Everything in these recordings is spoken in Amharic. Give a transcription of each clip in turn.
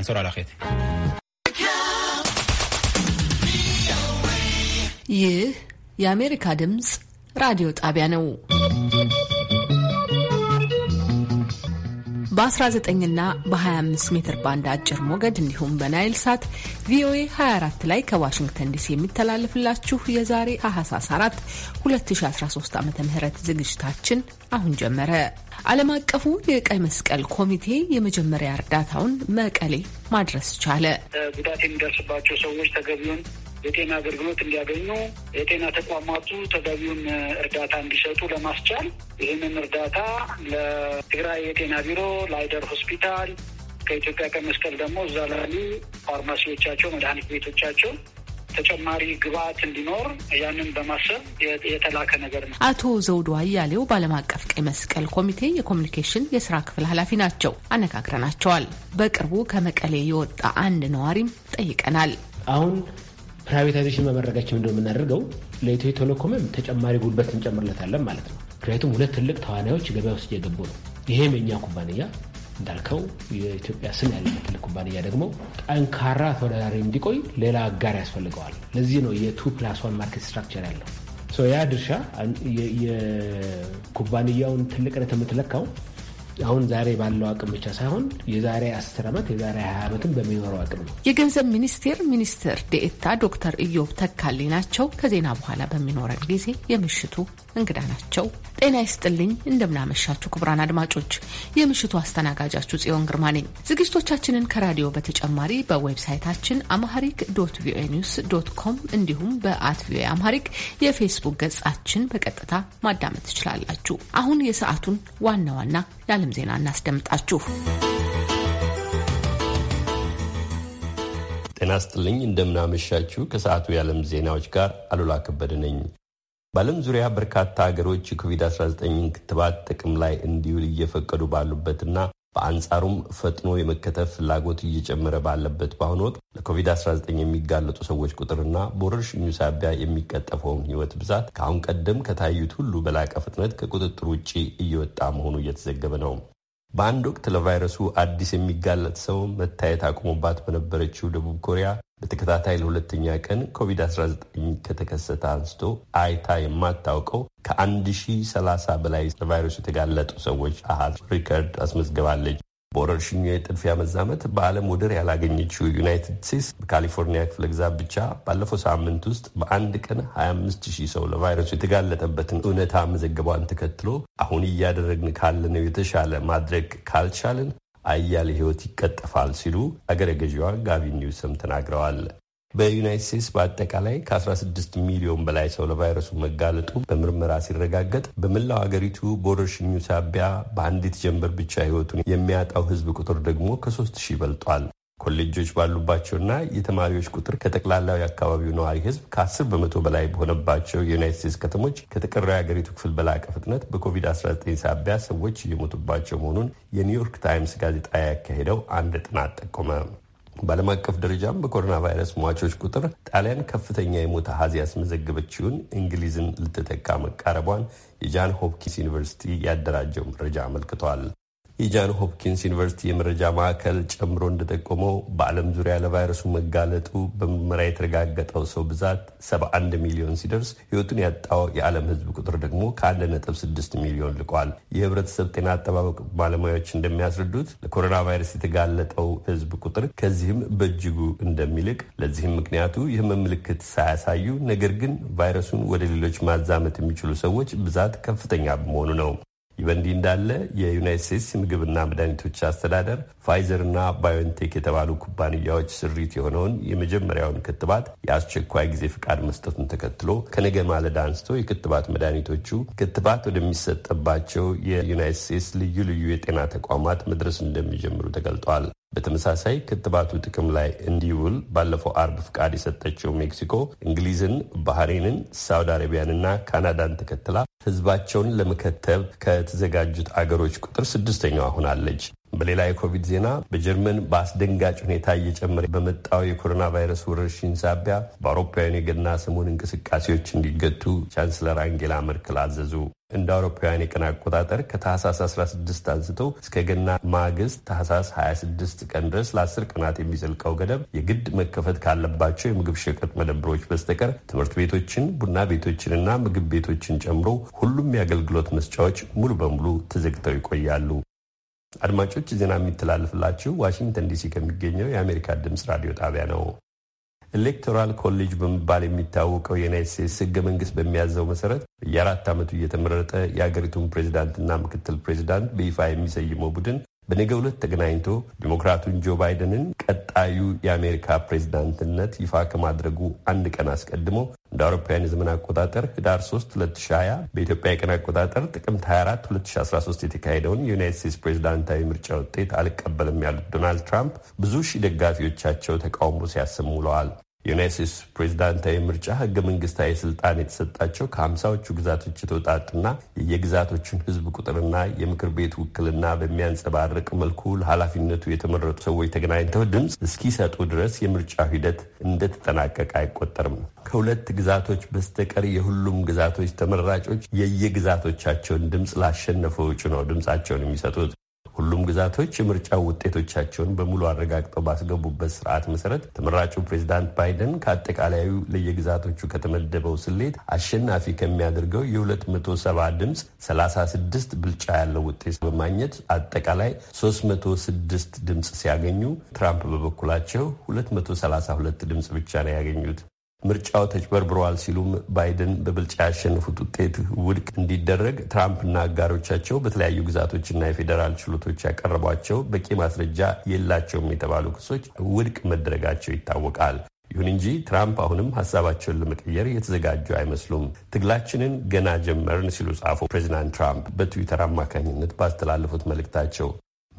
አንሶር አላኼት ይህ የአሜሪካ ድምፅ ራዲዮ ጣቢያ ነው። በ19ና በ25 ሜትር ባንድ አጭር ሞገድ እንዲሁም በናይል ሳት ቪኦኤ 24 ላይ ከዋሽንግተን ዲሲ የሚተላለፍላችሁ የዛሬ ታህሳስ 4 2013 ዓ ም ዝግጅታችን አሁን ጀመረ። ዓለም አቀፉ የቀይ መስቀል ኮሚቴ የመጀመሪያ እርዳታውን መቀሌ ማድረስ ቻለ። ጉዳት የሚደርስባቸው ሰዎች ተገቢውን የጤና አገልግሎት እንዲያገኙ የጤና ተቋማቱ ተገቢውን እርዳታ እንዲሰጡ ለማስቻል ይህንን እርዳታ ለትግራይ የጤና ቢሮ፣ ለአይደር ሆስፒታል ከኢትዮጵያ ቀይ መስቀል ደግሞ እዛ ላሉ ፋርማሲዎቻቸው፣ መድኃኒት ቤቶቻቸው ተጨማሪ ግብዓት እንዲኖር ያንን በማሰብ የተላከ ነገር ነው። አቶ ዘውዱ አያሌው በዓለም አቀፍ ቀይ መስቀል ኮሚቴ የኮሚኒኬሽን የስራ ክፍል ኃላፊ ናቸው። አነጋግረናቸዋል። በቅርቡ ከመቀሌ የወጣ አንድ ነዋሪም ጠይቀናል። አሁን ፕራይቬታይዜሽን በመረጋችን ምንድነው የምናደርገው? ለኢትዮ ቴሌኮምም ተጨማሪ ጉልበት እንጨምርለታለን ማለት ነው። ምክንያቱም ሁለት ትልቅ ተዋናዮች ገበያ ውስጥ እየገቡ ነው። ይሄም የእኛ ኩባንያ እንዳልከው የኢትዮጵያ ስም ያለ ትልቅ ኩባንያ ደግሞ ጠንካራ ተወዳዳሪ እንዲቆይ ሌላ አጋር ያስፈልገዋል። ለዚህ ነው የቱ ፕላስ ዋን ማርኬት ስትራክቸር ያለው ያ ድርሻ የኩባንያውን ትልቅነት የምትለካው አሁን ዛሬ ባለው አቅም ብቻ ሳይሆን የዛሬ አስር ዓመት የዛሬ ሀያ ዓመትም በሚኖረው አቅም ነው። የገንዘብ ሚኒስቴር ሚኒስትር ዴኤታ ዶክተር ኢዮብ ተካሌ ናቸው። ከዜና በኋላ በሚኖረን ጊዜ የምሽቱ እንግዳ ናቸው። ጤና ይስጥልኝ። እንደምናመሻችሁ ክቡራን አድማጮች፣ የምሽቱ አስተናጋጃችሁ ጽዮን ግርማ ነኝ። ዝግጅቶቻችንን ከራዲዮ በተጨማሪ በዌብሳይታችን አማሐሪክ ዶት ቪኦኤ ኒውስ ዶት ኮም እንዲሁም በአት ቪኦኤ አማሐሪክ የፌስቡክ ገጻችን በቀጥታ ማዳመጥ ትችላላችሁ። አሁን የሰዓቱን ዋና ዋና የዓለም ዜና እናስደምጣችሁ። ጤና ስጥልኝ እንደምናመሻችሁ። ከሰዓቱ የዓለም ዜናዎች ጋር አሉላ ከበደ ነኝ። በዓለም ዙሪያ በርካታ ሀገሮች የኮቪድ 19 ክትባት ጥቅም ላይ እንዲውል እየፈቀዱ ባሉበትና በአንጻሩም ፈጥኖ የመከተብ ፍላጎት እየጨመረ ባለበት በአሁኑ ወቅት ለኮቪድ-19 የሚጋለጡ ሰዎች ቁጥርና በወረርሽኙ ሳቢያ የሚቀጠፈውን ሕይወት ብዛት ከአሁን ቀደም ከታዩት ሁሉ በላቀ ፍጥነት ከቁጥጥር ውጭ እየወጣ መሆኑ እየተዘገበ ነው። በአንድ ወቅት ለቫይረሱ አዲስ የሚጋለጥ ሰው መታየት አቁሞባት በነበረችው ደቡብ ኮሪያ በተከታታይ ለሁለተኛ ቀን ኮቪድ-19 ከተከሰተ አንስቶ አይታ የማታውቀው ከ1030 በላይ ለቫይረሱ የተጋለጡ ሰዎች አሃዝ ሪከርድ አስመዝግባለች። በወረርሽኙ የጥድፊያ መዛመት በዓለም ወደር ያላገኘችው ዩናይትድ ስቴትስ በካሊፎርኒያ ክፍለ ግዛት ብቻ ባለፈው ሳምንት ውስጥ በአንድ ቀን 25000 ሰው ለቫይረሱ የተጋለጠበትን እውነታ መዘገቧን ተከትሎ አሁን እያደረግን ካለነው የተሻለ ማድረግ ካልቻልን አያሌ ሕይወት ይቀጠፋል ሲሉ አገረ ገዢዋ ጋቢ ኒውሰም ተናግረዋል። በዩናይት ስቴትስ በአጠቃላይ ከ16 ሚሊዮን በላይ ሰው ለቫይረሱ መጋለጡ በምርመራ ሲረጋገጥ በመላው አገሪቱ በወረርሽኙ ሳቢያ በአንዲት ጀንበር ብቻ ሕይወቱን የሚያጣው ሕዝብ ቁጥር ደግሞ ከ3 ሺህ በልጧል። ኮሌጆች ባሉባቸውና የተማሪዎች ቁጥር ከጠቅላላው የአካባቢው ነዋሪ ሕዝብ ከ10 በመቶ በላይ በሆነባቸው የዩናይት ስቴትስ ከተሞች ከተቀረው የአገሪቱ ክፍል በላቀ ፍጥነት በኮቪድ-19 ሳቢያ ሰዎች እየሞቱባቸው መሆኑን የኒውዮርክ ታይምስ ጋዜጣ ያካሄደው አንድ ጥናት ጠቆመ። በዓለም አቀፍ ደረጃም በኮሮና ቫይረስ ሟቾች ቁጥር ጣሊያን ከፍተኛ የሞት አሃዝ ያስመዘገበችውን እንግሊዝን ልትተካ መቃረቧን የጃን ሆፕኪንስ ዩኒቨርሲቲ ያደራጀው መረጃ አመልክቷል። የጃን ሆፕኪንስ ዩኒቨርሲቲ የመረጃ ማዕከል ጨምሮ እንደጠቆመው በዓለም ዙሪያ ለቫይረሱ መጋለጡ በምርመራ የተረጋገጠው ሰው ብዛት 71 ሚሊዮን ሲደርስ ሕይወቱን ያጣው የዓለም ሕዝብ ቁጥር ደግሞ ከ1.6 ሚሊዮን ልቋል። የህብረተሰብ ጤና አጠባበቅ ባለሙያዎች እንደሚያስረዱት ለኮሮና ቫይረስ የተጋለጠው ሕዝብ ቁጥር ከዚህም በእጅጉ እንደሚልቅ፣ ለዚህም ምክንያቱ የህመም ምልክት ሳያሳዩ ነገር ግን ቫይረሱን ወደ ሌሎች ማዛመት የሚችሉ ሰዎች ብዛት ከፍተኛ በመሆኑ ነው። ይህ በእንዲህ እንዳለ የዩናይት ስቴትስ ምግብና መድኃኒቶች አስተዳደር ፋይዘርና ባዮንቴክ የተባሉ ኩባንያዎች ስሪት የሆነውን የመጀመሪያውን ክትባት የአስቸኳይ ጊዜ ፍቃድ መስጠቱን ተከትሎ ከነገ ማለዳ አንስቶ የክትባት መድኃኒቶቹ ክትባት ወደሚሰጥባቸው የዩናይት ስቴትስ ልዩ ልዩ የጤና ተቋማት መድረስ እንደሚጀምሩ ተገልጧል። በተመሳሳይ ክትባቱ ጥቅም ላይ እንዲውል ባለፈው አርብ ፍቃድ የሰጠችው ሜክሲኮ እንግሊዝን፣ ባህሬንን፣ ሳውዲ አረቢያንና ካናዳን ተከትላ ህዝባቸውን ለመከተብ ከተዘጋጁት አገሮች ቁጥር ስድስተኛዋ ሆናለች። በሌላ የኮቪድ ዜና በጀርመን በአስደንጋጭ ሁኔታ እየጨመረ በመጣው የኮሮና ቫይረስ ወረርሽኝ ሳቢያ በአውሮፓውያኑ የገና ሰሞን እንቅስቃሴዎች እንዲገቱ ቻንስለር አንጌላ መርክል አዘዙ። እንደ አውሮፓውያን የቀን አቆጣጠር ከታህሳስ 16 አንስቶ እስከ ገና ማግስት ታህሳስ 26 ቀን ድረስ ለ10 ቀናት የሚዘልቀው ገደብ የግድ መከፈት ካለባቸው የምግብ ሸቀጥ መደብሮች በስተቀር ትምህርት ቤቶችን፣ ቡና ቤቶችንና ምግብ ቤቶችን ጨምሮ ሁሉም የአገልግሎት መስጫዎች ሙሉ በሙሉ ተዘግተው ይቆያሉ። አድማጮች ዜና የሚተላለፍላችሁ ዋሽንግተን ዲሲ ከሚገኘው የአሜሪካ ድምፅ ራዲዮ ጣቢያ ነው። ኤሌክቶራል ኮሌጅ በመባል የሚታወቀው የዩናይት ስቴትስ ህገ መንግስት በሚያዘው መሰረት በየአራት ዓመቱ እየተመረጠ የአገሪቱን ፕሬዚዳንትና ምክትል ፕሬዚዳንት በይፋ የሚሰይመው ቡድን በነገ ዕለት ተገናኝቶ ዲሞክራቱን ጆ ባይደንን ቀጣዩ የአሜሪካ ፕሬዚዳንትነት ይፋ ከማድረጉ አንድ ቀን አስቀድሞ እንደ አውሮፓውያን የዘመን አቆጣጠር ህዳር 3 2020 በኢትዮጵያ የቀን አቆጣጠር ጥቅምት 24 2013 የተካሄደውን የዩናይት ስቴትስ ፕሬዚዳንታዊ ምርጫ ውጤት አልቀበልም ያሉት ዶናልድ ትራምፕ ብዙ ሺህ ደጋፊዎቻቸው ተቃውሞ ሲያሰሙ ውለዋል። የዩናይት ስቴትስ ፕሬዚዳንታዊ ምርጫ ህገ መንግስታዊ ስልጣን የተሰጣቸው ከሀምሳዎቹ ግዛቶች የተውጣጡና የየግዛቶችን ህዝብ ቁጥርና የምክር ቤት ውክልና በሚያንጸባርቅ መልኩ ለኃላፊነቱ የተመረጡ ሰዎች ተገናኝተው ድምፅ እስኪሰጡ ድረስ የምርጫው ሂደት እንደተጠናቀቀ አይቆጠርም። ከሁለት ግዛቶች በስተቀር የሁሉም ግዛቶች ተመራጮች የየግዛቶቻቸውን ድምፅ ላሸነፈው እጩ ነው ድምፃቸውን የሚሰጡት። ሁሉም ግዛቶች የምርጫ ውጤቶቻቸውን በሙሉ አረጋግጠው ባስገቡበት ስርዓት መሰረት ተመራጩ ፕሬዚዳንት ባይደን ከአጠቃላዩ ለየግዛቶቹ ከተመደበው ስሌት አሸናፊ ከሚያደርገው የ270 ድምፅ 36 ብልጫ ያለው ውጤት በማግኘት አጠቃላይ 306 ድምፅ ሲያገኙ፣ ትራምፕ በበኩላቸው 232 ድምፅ ብቻ ነው ያገኙት። ምርጫው ተጭበርብረዋል ሲሉም ባይደን በብልጫ ያሸነፉት ውጤት ውድቅ እንዲደረግ ትራምፕና አጋሮቻቸው በተለያዩ ግዛቶችና የፌዴራል ችሎቶች ያቀረቧቸው በቂ ማስረጃ የላቸውም የተባሉ ክሶች ውድቅ መደረጋቸው ይታወቃል። ይሁን እንጂ ትራምፕ አሁንም ሀሳባቸውን ለመቀየር የተዘጋጁ አይመስሉም። ትግላችንን ገና ጀመርን ሲሉ ጻፉ ፕሬዚዳንት ትራምፕ በትዊተር አማካኝነት ባስተላለፉት መልእክታቸው።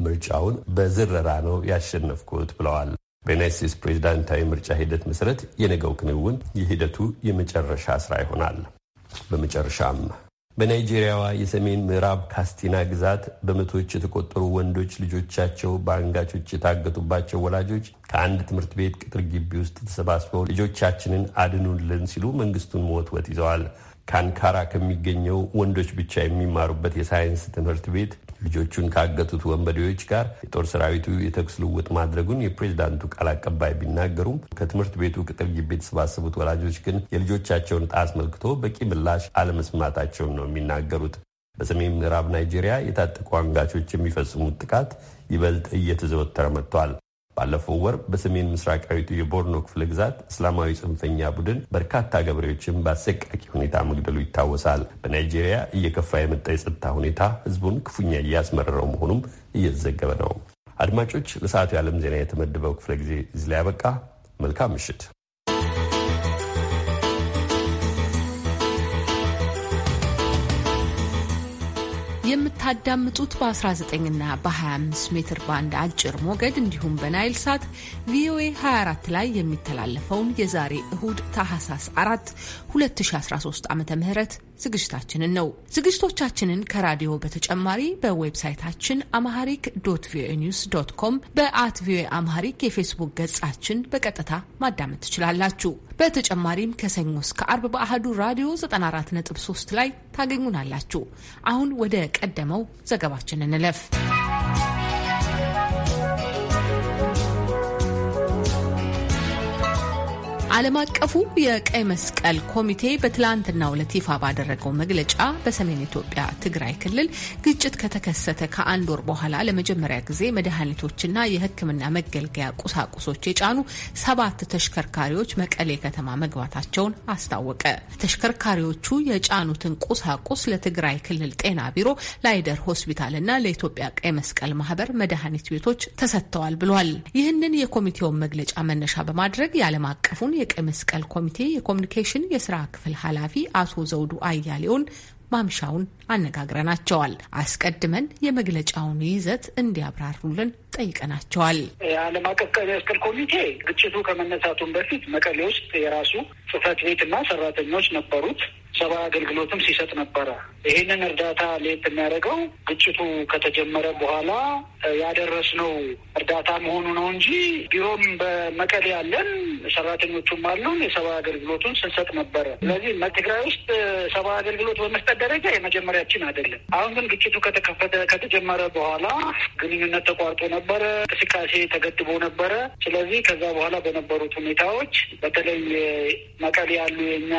ምርጫውን በዝረራ ነው ያሸነፍኩት ብለዋል። በዩናይት ስቴትስ ፕሬዚዳንታዊ ምርጫ ሂደት መሰረት የነገው ክንውን የሂደቱ የመጨረሻ ስራ ይሆናል። በመጨረሻም በናይጄሪያዋ የሰሜን ምዕራብ ካስቲና ግዛት በመቶዎች የተቆጠሩ ወንዶች ልጆቻቸው በአንጋቾች የታገቱባቸው ወላጆች ከአንድ ትምህርት ቤት ቅጥር ግቢ ውስጥ ተሰባስበው ልጆቻችንን አድኑልን ሲሉ መንግስቱን መወትወት ይዘዋል። ከአንካራ ከሚገኘው ወንዶች ብቻ የሚማሩበት የሳይንስ ትምህርት ቤት ልጆቹን ካገቱት ወንበዴዎች ጋር የጦር ሰራዊቱ የተኩስ ልውውጥ ማድረጉን የፕሬዚዳንቱ ቃል አቀባይ ቢናገሩም ከትምህርት ቤቱ ቅጥር ግቢ የተሰባሰቡት ወላጆች ግን የልጆቻቸውን ጣት አስመልክቶ በቂ ምላሽ አለመስማታቸውን ነው የሚናገሩት። በሰሜን ምዕራብ ናይጄሪያ የታጠቁ አንጋቾች የሚፈጽሙት ጥቃት ይበልጥ እየተዘወተረ መጥቷል። ባለፈው ወር በሰሜን ምስራቃዊቱ የቦርኖ ክፍለ ግዛት እስላማዊ ጽንፈኛ ቡድን በርካታ ገበሬዎችን በአሰቃቂ ሁኔታ መግደሉ ይታወሳል። በናይጄሪያ እየከፋ የመጣ የጸጥታ ሁኔታ ህዝቡን ክፉኛ እያስመረረው መሆኑም እየተዘገበ ነው። አድማጮች፣ ለሰዓቱ የዓለም ዜና የተመደበው ክፍለ ጊዜ እዚህ ላይ ያበቃ። መልካም ምሽት። የምታዳምጡት በ19ና በ25 ሜትር ባንድ አጭር ሞገድ እንዲሁም በናይል ሳት ቪኦኤ 24 ላይ የሚተላለፈውን የዛሬ እሁድ ታህሳስ 4 2013 ዓ ም ዝግጅታችንን ነው። ዝግጅቶቻችንን ከራዲዮ በተጨማሪ በዌብሳይታችን አማሃሪክ ዶት ቪኦኤ ኒውስ ዶት ኮም፣ በአት ቪኦኤ አማሃሪክ የፌስቡክ ገጻችን በቀጥታ ማዳመጥ ትችላላችሁ። በተጨማሪም ከሰኞ እስከ አርብ በአህዱ ራዲዮ 94.3 ላይ ታገኙናላችሁ። አሁን ወደ ቀደመው ዘገባችን እንለፍ። ዓለም አቀፉ የቀይ መስቀል ኮሚቴ በትላንትናው ዕለት ይፋ ባደረገው መግለጫ በሰሜን ኢትዮጵያ ትግራይ ክልል ግጭት ከተከሰተ ከአንድ ወር በኋላ ለመጀመሪያ ጊዜ መድኃኒቶችና የሕክምና መገልገያ ቁሳቁሶች የጫኑ ሰባት ተሽከርካሪዎች መቀሌ ከተማ መግባታቸውን አስታወቀ። ተሽከርካሪዎቹ የጫኑትን ቁሳቁስ ለትግራይ ክልል ጤና ቢሮ፣ ላይደር ሆስፒታል ለኢትዮጵያ ቀይ መስቀል ማህበር መድኃኒት ቤቶች ተሰጥተዋል ብሏል። ይህንን የኮሚቴውን መግለጫ መነሻ በማድረግ የዓለም አቀፉን የቀይ መስቀል ኮሚቴ የኮሚኒኬሽን የስራ ክፍል ኃላፊ አቶ ዘውዱ አያሌውን ማምሻውን አነጋግረናቸዋል። አስቀድመን የመግለጫውን ይዘት እንዲያብራሩልን ጠይቀናቸዋል። የዓለም አቀፍ ቀይ መስቀል ኮሚቴ ግጭቱ ከመነሳቱን በፊት መቀሌ ውስጥ የራሱ ጽህፈት ቤትና ሰራተኞች ነበሩት። ሰብአዊ አገልግሎትም ሲሰጥ ነበረ። ይህንን እርዳታ ለየት የሚያደርገው ግጭቱ ከተጀመረ በኋላ ያደረስነው እርዳታ መሆኑ ነው እንጂ ቢሮም በመቀሌ ያለን ሰራተኞቹም አሉን የሰብአዊ አገልግሎቱን ስንሰጥ ነበረ። ስለዚህ ትግራይ ውስጥ ሰብአዊ አገልግሎት በመስጠት ደረጃ የመጀመሪያችን አይደለም። አሁን ግን ግጭቱ ከተከፈተ ከተጀመረ በኋላ ግንኙነት ተቋርጦ ነበረ፣ እንቅስቃሴ ተገድቦ ነበረ። ስለዚህ ከዛ በኋላ በነበሩት ሁኔታዎች በተለይ መቀሌ ያሉ የኛ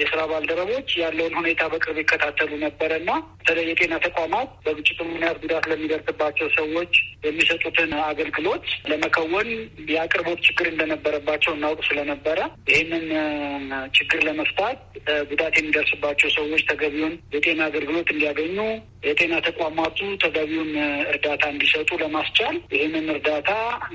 የስራ ባልደረቦች ያለውን ሁኔታ በቅርብ ይከታተሉ ነበረ እና በተለይ የጤና ተቋማት በግጭቱ ምክንያት ጉዳት ለሚደርስባቸው ሰዎች የሚሰጡትን አገልግሎት ለመከወን የአቅርቦት ችግር እንደነበረባቸው እናውቅ ስለነበረ ይህንን ችግር ለመፍታት ጉዳት የሚደርስባቸው ሰዎች ተገቢውን የጤና አገልግሎት እንዲያገኙ የጤና ተቋማቱ ተገቢውን እርዳታ እንዲሰጡ ለማስቻል ይህንን እርዳታ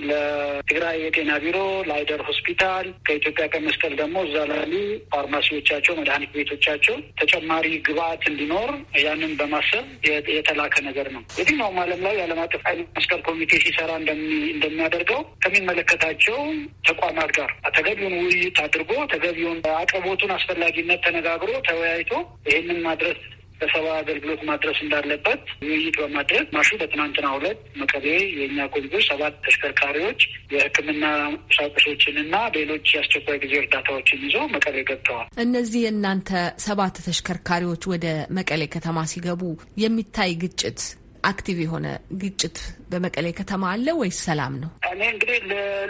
ለትግራይ የጤና ቢሮ፣ ለአይደር ሆስፒታል ከኢትዮጵያ ቀይ መስቀል ደግሞ እዛ ላሉ ፋርማሲዎቻቸው፣ መድኃኒት ቤቶቻቸው ተጨማሪ ግብአት እንዲኖር ያንን በማሰብ የተላከ ነገር ነው። የትኛውም ዓለም ላይ የዓለም አቀፍ ቀይ መስቀል ኮሚቴ ሲሰራ እንደሚያደርገው ከሚመለከታቸው ተቋማት ጋር ተገቢውን ውይይት አድርጎ ተገቢውን አቅርቦቱን አስፈላጊነት ተነጋግሮ ተወያይቶ ይህንን ማድረስ ለሰብአዊ አገልግሎት ማድረስ እንዳለበት ውይይት በማድረግ ማሹ በትናንትና ሁለት መቀሌ የእኛ ጉልጉ ሰባት ተሽከርካሪዎች የሕክምና ቁሳቁሶችንና ሌሎች የአስቸኳይ ጊዜ እርዳታዎችን ይዞ መቀሌ ገብተዋል። እነዚህ የእናንተ ሰባት ተሽከርካሪዎች ወደ መቀሌ ከተማ ሲገቡ የሚታይ ግጭት አክቲቭ የሆነ ግጭት በመቀሌ ከተማ አለ ወይስ ሰላም ነው? እኔ እንግዲህ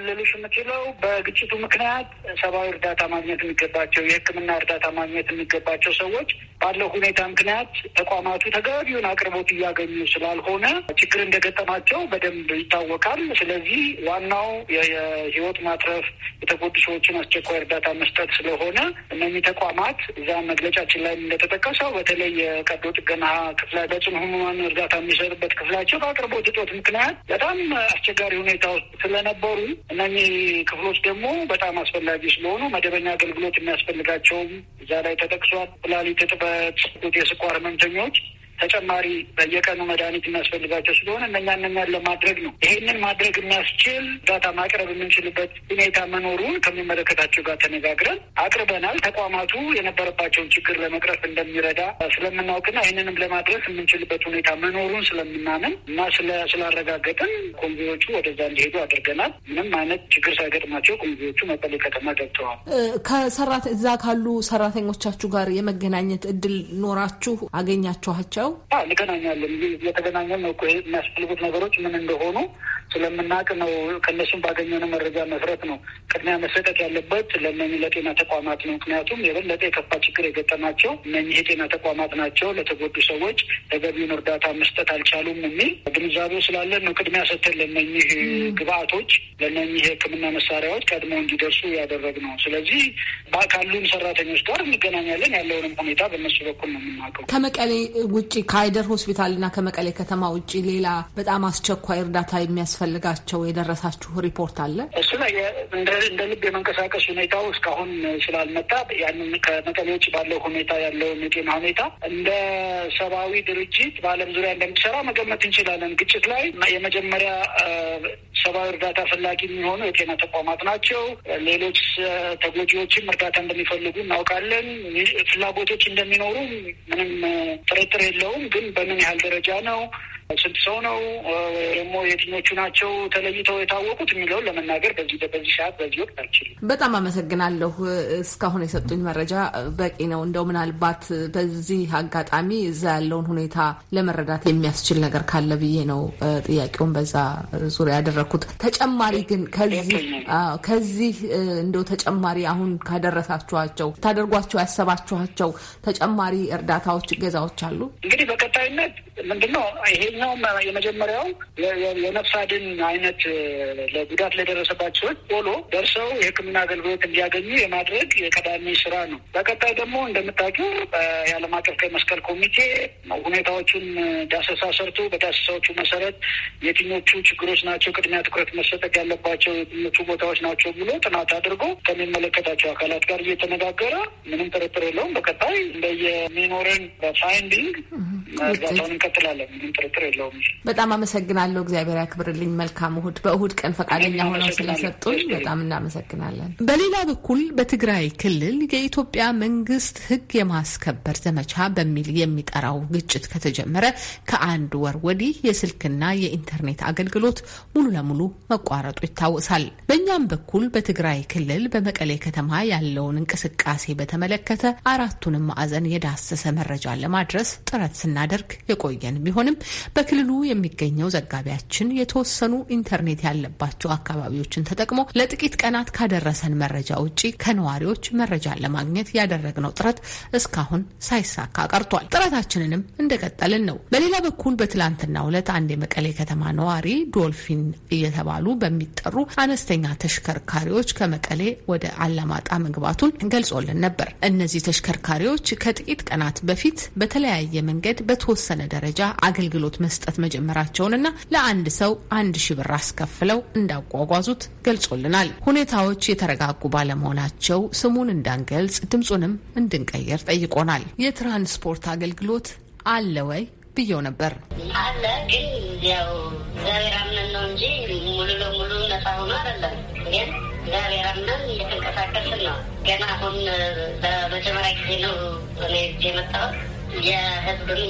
ልልሽ የምችለው በግጭቱ ምክንያት ሰብአዊ እርዳታ ማግኘት የሚገባቸው የሕክምና እርዳታ ማግኘት የሚገባቸው ሰዎች ባለው ሁኔታ ምክንያት ተቋማቱ ተገቢውን አቅርቦት እያገኙ ስላልሆነ ችግር እንደገጠማቸው በደንብ ይታወቃል። ስለዚህ ዋናው የህይወት ማትረፍ የተጎዱ ሰዎችን አስቸኳይ እርዳታ መስጠት ስለሆነ እነዚህ ተቋማት እዛ መግለጫችን ላይ እንደተጠቀሰው በተለይ የቀዶ ጥገና ክፍላ በጽኑ ህሙማን እርዳታ የሚሰጥበት ክፍላቸው በአቅርቦት እጦት ምክንያት በጣም አስቸጋሪ ሁኔታ ስለነበሩ እነኚህ ክፍሎች ደግሞ በጣም አስፈላጊ ስለሆኑ መደበኛ አገልግሎት የሚያስፈልጋቸውም እዛ ላይ ተጠቅሷል። ኩላሊት እጥበት፣ የስኳር ህመምተኞች ተጨማሪ በየቀኑ መድኃኒት የሚያስፈልጋቸው ስለሆነ እነኛ እነኛን ለማድረግ ነው። ይህንን ማድረግ የሚያስችል እርዳታ ማቅረብ የምንችልበት ሁኔታ መኖሩን ከሚመለከታቸው ጋር ተነጋግረን አቅርበናል። ተቋማቱ የነበረባቸውን ችግር ለመቅረፍ እንደሚረዳ ስለምናውቅና ይህንንም ለማድረስ የምንችልበት ሁኔታ መኖሩን ስለምናምን እና ስላረጋገጥን ኮንቮዮቹ ወደዛ እንዲሄዱ አድርገናል። ምንም አይነት ችግር ሳይገጥማቸው ኮንቮዮቹ መቀሌ ከተማ ገብተዋል። ከሰራት እዛ ካሉ ሰራተኞቻችሁ ጋር የመገናኘት እድል ኖራችሁ አገኛችኋቸው? ነው። እንገናኛለን። እየተገናኘን ነው እኮ የሚያስፈልጉት ነገሮች ምን እንደሆኑ ስለምናውቅ ነው። ከእነሱም ባገኘነው መረጃ መሰረት ነው። ቅድሚያ መሰጠት ያለበት ለእነኝህ ለጤና ተቋማት ነው። ምክንያቱም የበለጠ የከፋ ችግር የገጠማቸው እነኚህ የጤና ተቋማት ናቸው። ለተጎዱ ሰዎች ተገቢውን እርዳታ መስጠት አልቻሉም የሚል ግንዛቤው ስላለን ነው ቅድሚያ ሰጥተን ለእነኝህ ግብአቶች፣ ለእነኝህ የሕክምና መሳሪያዎች ቀድሞ እንዲደርሱ ያደረግ ነው። ስለዚህ ካሉን ሰራተኞች ጋር እንገናኛለን። ያለውንም ሁኔታ በእነሱ በኩል ነው የምናውቀው። ከመቀሌ ውጭ ከአይደር ሆስፒታልና ከመቀሌ ከተማ ውጭ ሌላ በጣም አስቸኳይ እርዳታ የሚያስ እንደሚያስፈልጋቸው የደረሳችሁ ሪፖርት አለ? እሱ ላይ እንደ ልብ የመንቀሳቀስ ሁኔታው እስካሁን ስላልመጣ ያንን ከመቀሌ ውጭ ባለው ሁኔታ ያለውን የጤና ሁኔታ እንደ ሰብአዊ ድርጅት በዓለም ዙሪያ እንደምትሰራ መገመት እንችላለን። ግጭት ላይ የመጀመሪያ ሰብአዊ እርዳታ ፈላጊ የሚሆኑ የጤና ተቋማት ናቸው። ሌሎች ተጎጂዎችም እርዳታ እንደሚፈልጉ እናውቃለን። ፍላጎቶች እንደሚኖሩ ምንም ጥርጥር የለውም። ግን በምን ያህል ደረጃ ነው ስንት ሰው ነው ደግሞ የትኞቹ ናቸው ተለይተው የታወቁት የሚለውን ለመናገር በዚህ በዚህ ሰዓት በዚህ ወቅት አልችልም። በጣም አመሰግናለሁ። እስካሁን የሰጡኝ መረጃ በቂ ነው። እንደው ምናልባት በዚህ አጋጣሚ እዛ ያለውን ሁኔታ ለመረዳት የሚያስችል ነገር ካለ ብዬ ነው ጥያቄውን በዛ ዙሪያ ያደረግኩ ያልኩት። ተጨማሪ ግን ከዚህ እንደው ተጨማሪ አሁን ካደረሳችኋቸው ታደርጓቸው ያሰባችኋቸው ተጨማሪ እርዳታዎች፣ ገዛዎች አሉ? እንግዲህ በቀጣይነት ምንድነው ይሄኛውም የመጀመሪያው የነፍስ አድን አይነት ለጉዳት ለደረሰባቸው ቶሎ ደርሰው የሕክምና አገልግሎት እንዲያገኙ የማድረግ የቀዳሚ ስራ ነው። በቀጣይ ደግሞ እንደምታውቂው የዓለም አቀፍ ቀይ መስቀል ኮሚቴ ሁኔታዎቹን ዳሰሳ ሰርቶ በዳሰሳዎቹ መሰረት የትኞቹ ችግሮች ናቸው ቅድሚያ ትኩረት መሰጠት ያለባቸው የትምህርቱ ቦታዎች ናቸው ብሎ ጥናት አድርጎ ከሚመለከታቸው አካላት ጋር እየተነጋገረ ምንም ጥርጥር የለውም በቀጣይ እንደየሚኖረን ፋይንዲንግ እርዳታውን እንቀጥላለን። ምንም ጥርጥር የለውም። በጣም አመሰግናለሁ። እግዚአብሔር ያክብርልኝ። መልካም እሁድ። በእሁድ ቀን ፈቃደኛ ሆነው ስለሰጡኝ በጣም እናመሰግናለን። በሌላ በኩል በትግራይ ክልል የኢትዮጵያ መንግስት ህግ የማስከበር ዘመቻ በሚል የሚጠራው ግጭት ከተጀመረ ከአንድ ወር ወዲህ የስልክና የኢንተርኔት አገልግሎት ሙሉ ለሙሉ በሙሉ መቋረጡ ይታወሳል። በእኛም በኩል በትግራይ ክልል በመቀሌ ከተማ ያለውን እንቅስቃሴ በተመለከተ አራቱንም ማዕዘን የዳሰሰ መረጃ ለማድረስ ጥረት ስናደርግ የቆየን ቢሆንም በክልሉ የሚገኘው ዘጋቢያችን የተወሰኑ ኢንተርኔት ያለባቸው አካባቢዎችን ተጠቅሞ ለጥቂት ቀናት ካደረሰን መረጃ ውጪ ከነዋሪዎች መረጃን ለማግኘት ያደረግነው ጥረት እስካሁን ሳይሳካ ቀርቷል። ጥረታችንንም እንደቀጠልን ነው። በሌላ በኩል በትላንትና ሁለት አንድ የመቀሌ ከተማ ነዋሪ ዶልፊን እየተባሉ በሚጠሩ አነስተኛ ተሽከርካሪዎች ከመቀሌ ወደ አላማጣ መግባቱን ገልጾልን ነበር። እነዚህ ተሽከርካሪዎች ከጥቂት ቀናት በፊት በተለያየ መንገድ በተወሰነ ደረጃ አገልግሎት መስጠት መጀመራቸውንና ለአንድ ሰው አንድ ሺ ብር አስከፍለው እንዳጓጓዙት ገልጾልናል። ሁኔታዎች የተረጋጉ ባለመሆናቸው ስሙን እንዳንገልጽ ድምፁንም እንድንቀየር ጠይቆናል። የትራንስፖርት አገልግሎት አለ ወይ ብየው ነበር። አለ ግን ያው እግዚአብሔር አምነን ነው እንጂ ሙሉ ለሙሉ ነፃ ሆኖ አይደለም። ግን እግዚአብሔር አምነን እየተንቀሳቀስን ነው። ገና አሁን በመጀመሪያ ጊዜ ነው እኔ የመጣሁት። የህዝብ ነው።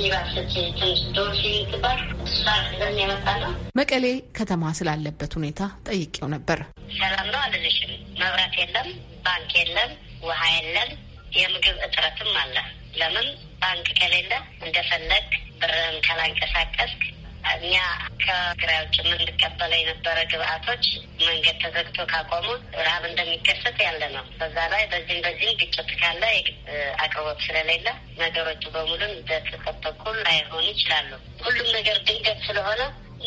መቀሌ ከተማ ስላለበት ሁኔታ ጠይቄው ነበር። ሰላም ነው አልልሽም። መብራት የለም፣ ባንክ የለም፣ ውሃ የለም፣ የምግብ እጥረትም አለ ለምን ባንክ ከሌለ እንደፈለግ ብርን ካላንቀሳቀስክ እኛ ከትግራይ ውጭ የምንቀበለ የነበረ ግብአቶች መንገድ ተዘግቶ ካቆሙ ረሀብ እንደሚከሰት ያለ ነው። በዛ ላይ በዚህም በዚህም ግጭት ካለ አቅርቦት ስለሌለ ነገሮቹ በሙሉ እንደተጠበቁ ላይሆኑ ይችላሉ። ሁሉም ነገር ድንገት ስለሆነ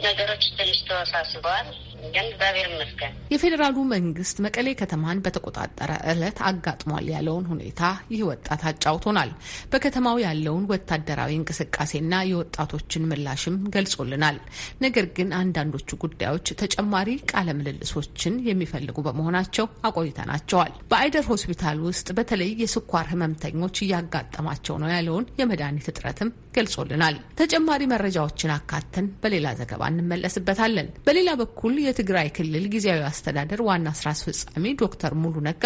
ነገሮች ትንሽ ተወሳስበዋል። እግዚአብሔር ይመስገን። የፌዴራሉ መንግስት መቀሌ ከተማን በተቆጣጠረ ዕለት አጋጥሟል ያለውን ሁኔታ ይህ ወጣት አጫውቶናል። በከተማው ያለውን ወታደራዊ እንቅስቃሴና የወጣቶችን ምላሽም ገልጾልናል። ነገር ግን አንዳንዶቹ ጉዳዮች ተጨማሪ ቃለ ምልልሶችን የሚፈልጉ በመሆናቸው አቆይተናቸዋል። በአይደር ሆስፒታል ውስጥ በተለይ የስኳር ህመምተኞች እያጋጠማቸው ነው ያለውን የመድኃኒት እጥረትም ገልጾልናል። ተጨማሪ መረጃዎችን አካተን በሌላ ዘገባ እንመለስበታለን። በሌላ በኩል የትግራይ ክልል ጊዜያዊ አስተዳደር ዋና ስራ አስፈጻሚ ዶክተር ሙሉ ነጋ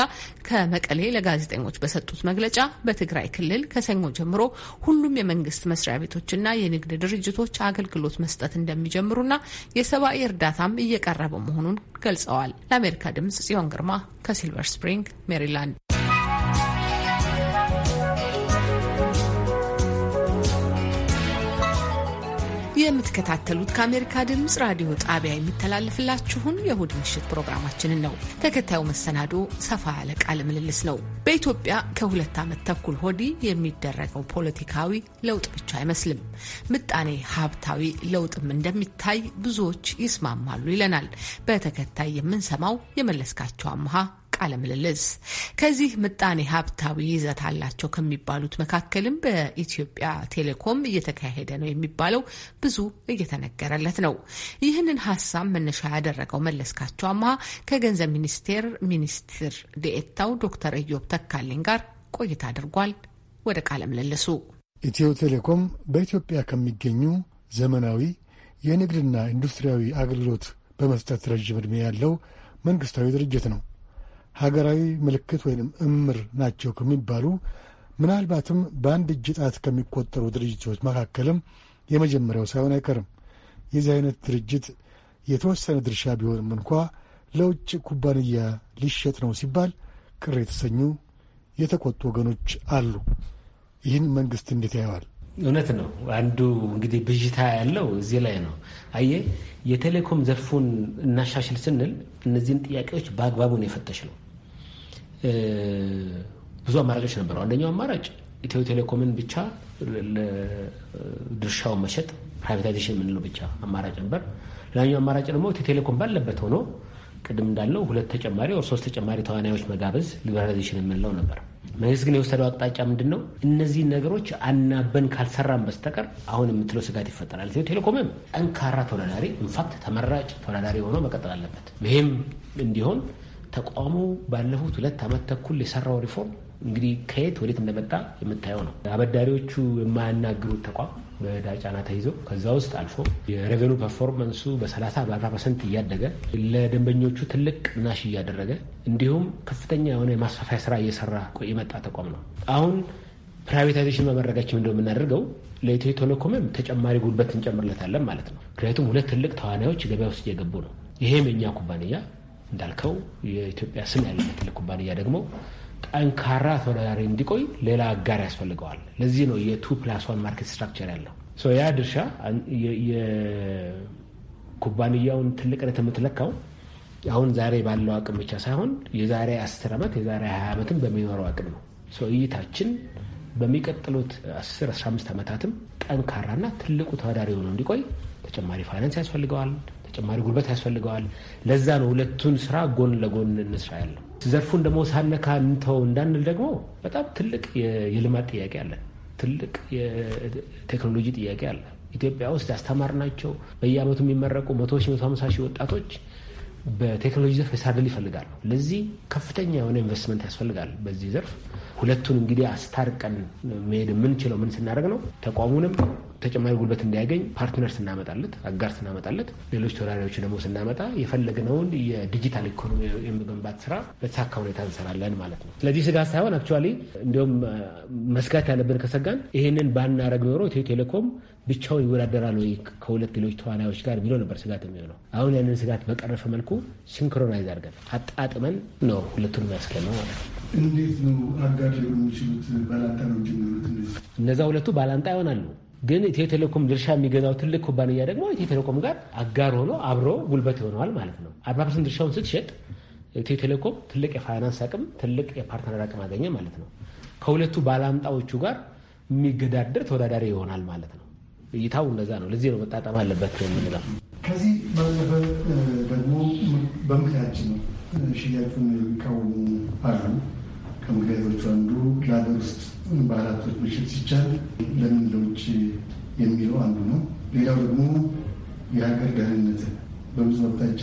ከመቀሌ ለጋዜጠኞች በሰጡት መግለጫ በትግራይ ክልል ከሰኞ ጀምሮ ሁሉም የመንግስት መስሪያ ቤቶችና የንግድ ድርጅቶች አገልግሎት መስጠት እንደሚጀምሩና የሰብአዊ እርዳታም እየቀረበ መሆኑን ገልጸዋል። ለአሜሪካ ድምጽ ጽዮን ግርማ ከሲልቨር ስፕሪንግ ሜሪላንድ የምትከታተሉት ከአሜሪካ ድምፅ ራዲዮ ጣቢያ የሚተላለፍላችሁን የእሁድ ምሽት ፕሮግራማችንን ነው። ተከታዩ መሰናዶ ሰፋ ያለ ቃለ ምልልስ ነው። በኢትዮጵያ ከሁለት ዓመት ተኩል ወዲህ የሚደረገው ፖለቲካዊ ለውጥ ብቻ አይመስልም፣ ምጣኔ ሀብታዊ ለውጥም እንደሚታይ ብዙዎች ይስማማሉ ይለናል በተከታይ የምንሰማው የመለስካቸው አምሃ ቃለ ምልልስ ከዚህ ምጣኔ ሀብታዊ ይዘት አላቸው ከሚባሉት መካከልም በኢትዮጵያ ቴሌኮም እየተካሄደ ነው የሚባለው ብዙ እየተነገረለት ነው። ይህንን ሀሳብ መነሻ ያደረገው መለስካቸው አማ ከገንዘብ ሚኒስቴር ሚኒስትር ዴኤታው ዶክተር እዮብ ተካልኝ ጋር ቆይታ አድርጓል። ወደ ቃለ ምልልሱ ኢትዮ ቴሌኮም በኢትዮጵያ ከሚገኙ ዘመናዊ የንግድና ኢንዱስትሪያዊ አገልግሎት በመስጠት ረዥም ዕድሜ ያለው መንግስታዊ ድርጅት ነው። ሀገራዊ ምልክት ወይንም እምር ናቸው ከሚባሉ ምናልባትም በአንድ እጅ ጣት ከሚቆጠሩ ድርጅቶች መካከልም የመጀመሪያው ሳይሆን አይቀርም። የዚህ አይነት ድርጅት የተወሰነ ድርሻ ቢሆንም እንኳ ለውጭ ኩባንያ ሊሸጥ ነው ሲባል ቅር የተሰኙ የተቆጡ ወገኖች አሉ። ይህን መንግስት እንዴት ያየዋል? እውነት ነው። አንዱ እንግዲህ ብዥታ ያለው እዚህ ላይ ነው። አየ የቴሌኮም ዘርፉን እናሻሽል ስንል እነዚህን ጥያቄዎች በአግባቡ ነው የፈተሽ ነው ብዙ አማራጮች ነበሩ። አንደኛው አማራጭ ኢትዮ ቴሌኮምን ብቻ ድርሻውን መሸጥ ፕራይቬታይዜሽን የምንለው ብቻ አማራጭ ነበር። ሌላኛው አማራጭ ደግሞ ኢትዮ ቴሌኮም ባለበት ሆኖ ቅድም እንዳለው ሁለት ተጨማሪ ወር ሶስት ተጨማሪ ተዋናዮች መጋበዝ ሊበራላይዜሽን የምንለው ነበር። መንግስት ግን የወሰደው አቅጣጫ ምንድን ነው? እነዚህ ነገሮች አናበን ካልሰራን በስተቀር አሁን የምትለው ስጋት ይፈጠራል። ኢትዮ ቴሌኮምም ጠንካራ ተወዳዳሪ፣ ኢንፋክት ተመራጭ ተወዳዳሪ ሆኖ መቀጠል አለበት። ይህም እንዲሆን ተቋሙ ባለፉት ሁለት ዓመት ተኩል የሰራው ሪፎርም እንግዲህ ከየት ወዴት እንደመጣ የምታየው ነው። አበዳሪዎቹ የማያናግሩት ተቋም በዕዳ ጫና ተይዘው ከዛ ውስጥ አልፎ የሬቨኑ ፐርፎርመንሱ በ30 በ40 ፐርሰንት እያደገ ለደንበኞቹ ትልቅ ቅናሽ እያደረገ እንዲሁም ከፍተኛ የሆነ የማስፋፊያ ስራ እየሰራ የመጣ ተቋም ነው። አሁን ፕራይቬታይዜሽን በመረጋችን እንደ የምናደርገው ለኢትዮ ቴሌኮምም ተጨማሪ ጉልበት እንጨምርለታለን ማለት ነው። ምክንያቱም ሁለት ትልቅ ተዋናዮች ገበያ ውስጥ እየገቡ ነው። ይሄም የኛ ኩባንያ እንዳልከው የኢትዮጵያ ስም ያለ ትልቅ ኩባንያ ደግሞ ጠንካራ ተወዳዳሪ እንዲቆይ ሌላ አጋር ያስፈልገዋል። ለዚህ ነው የቱ ፕላስ ዋን ማርኬት ስትራክቸር ያለው ያ ድርሻ የኩባንያውን ትልቅነት የምትለካው አሁን ዛሬ ባለው አቅም ብቻ ሳይሆን የዛሬ አስር ዓመት የዛሬ ሀያ ዓመትም በሚኖረው አቅም ነው። እይታችን በሚቀጥሉት 10 15 ዓመታትም ጠንካራና ትልቁ ተወዳዳሪ ሆኖ እንዲቆይ ተጨማሪ ፋይናንስ ያስፈልገዋል። ተጨማሪ ጉልበት ያስፈልገዋል። ለዛ ነው ሁለቱን ስራ ጎን ለጎን እንስራ ያለው። ዘርፉን ደግሞ ሳነካ እንተው እንዳንል ደግሞ በጣም ትልቅ የልማት ጥያቄ አለ። ትልቅ የቴክኖሎጂ ጥያቄ አለ። ኢትዮጵያ ውስጥ ናቸው በየአመቱ የሚመረቁ መቶ ሺ መቶ ሀምሳ ሺህ ወጣቶች በቴክኖሎጂ ዘርፍ የሳደል ይፈልጋሉ። ለዚህ ከፍተኛ የሆነ ኢንቨስትመንት ያስፈልጋል በዚህ ዘርፍ። ሁለቱን እንግዲህ አስታርቀን መሄድ የምንችለው ምን ስናደርግ ነው? ተቋሙንም ተጨማሪ ጉልበት እንዲያገኝ ፓርትነር ስናመጣለት፣ አጋር ስናመጣለት፣ ሌሎች ተወዳዳሪዎች ደግሞ ስናመጣ የፈለግነውን የዲጂታል ኢኮኖሚ የመገንባት ስራ በተሳካ ሁኔታ እንሰራለን ማለት ነው። ስለዚህ ስጋት ሳይሆን አክቹዋሊ እንዲሁም መስጋት ያለብን ከሰጋን ይህንን ባናረግ ኖሮ ኢትዮ ቴሌኮም ብቻውን ይወዳደራል ወይ ከሁለት ሌሎች ተዋናዮች ጋር የሚለው ነበር ስጋት የሚሆነው። አሁን ያንን ስጋት በቀረፈ መልኩ ሲንክሮናይዝ አድርገን አጣጥመን ነው ሁለቱን ነው ማለት ነው። እንዴት ነው አጋር ሊሆኑ የሚችሉት? ባላንጣ ነው እንጂ እነዛ ሁለቱ ባላንጣ ይሆናሉ። ግን ኢትዮ ቴሌኮም ድርሻ የሚገዛው ትልቅ ኩባንያ ደግሞ ኢትዮ ቴሌኮም ጋር አጋር ሆኖ አብሮ ጉልበት ይሆነዋል ማለት ነው። አርባ ፐርሰንት ድርሻውን ስትሸጥ ኢትዮ ቴሌኮም ትልቅ የፋይናንስ አቅም፣ ትልቅ የፓርትነር አቅም አገኘ ማለት ነው። ከሁለቱ ባለአምጣዎቹ ጋር የሚገዳደር ተወዳዳሪ ይሆናል ማለት ነው። እይታው እንደዛ ነው። ለዚህ ነው መጣጠም አለበት የምንለው። ከዚህ ባለፈ ደግሞ ነው ሽያጩን የሚቃወሙ አሉ። ከምክንያቶቹ አንዱ ለሀገር ውስጥ በአራቶች ምሽት ሲቻል ለምን ለውጭ የሚለው አንዱ ነው። ሌላው ደግሞ የሀገር ደህንነት በብዙ አቅጣጫ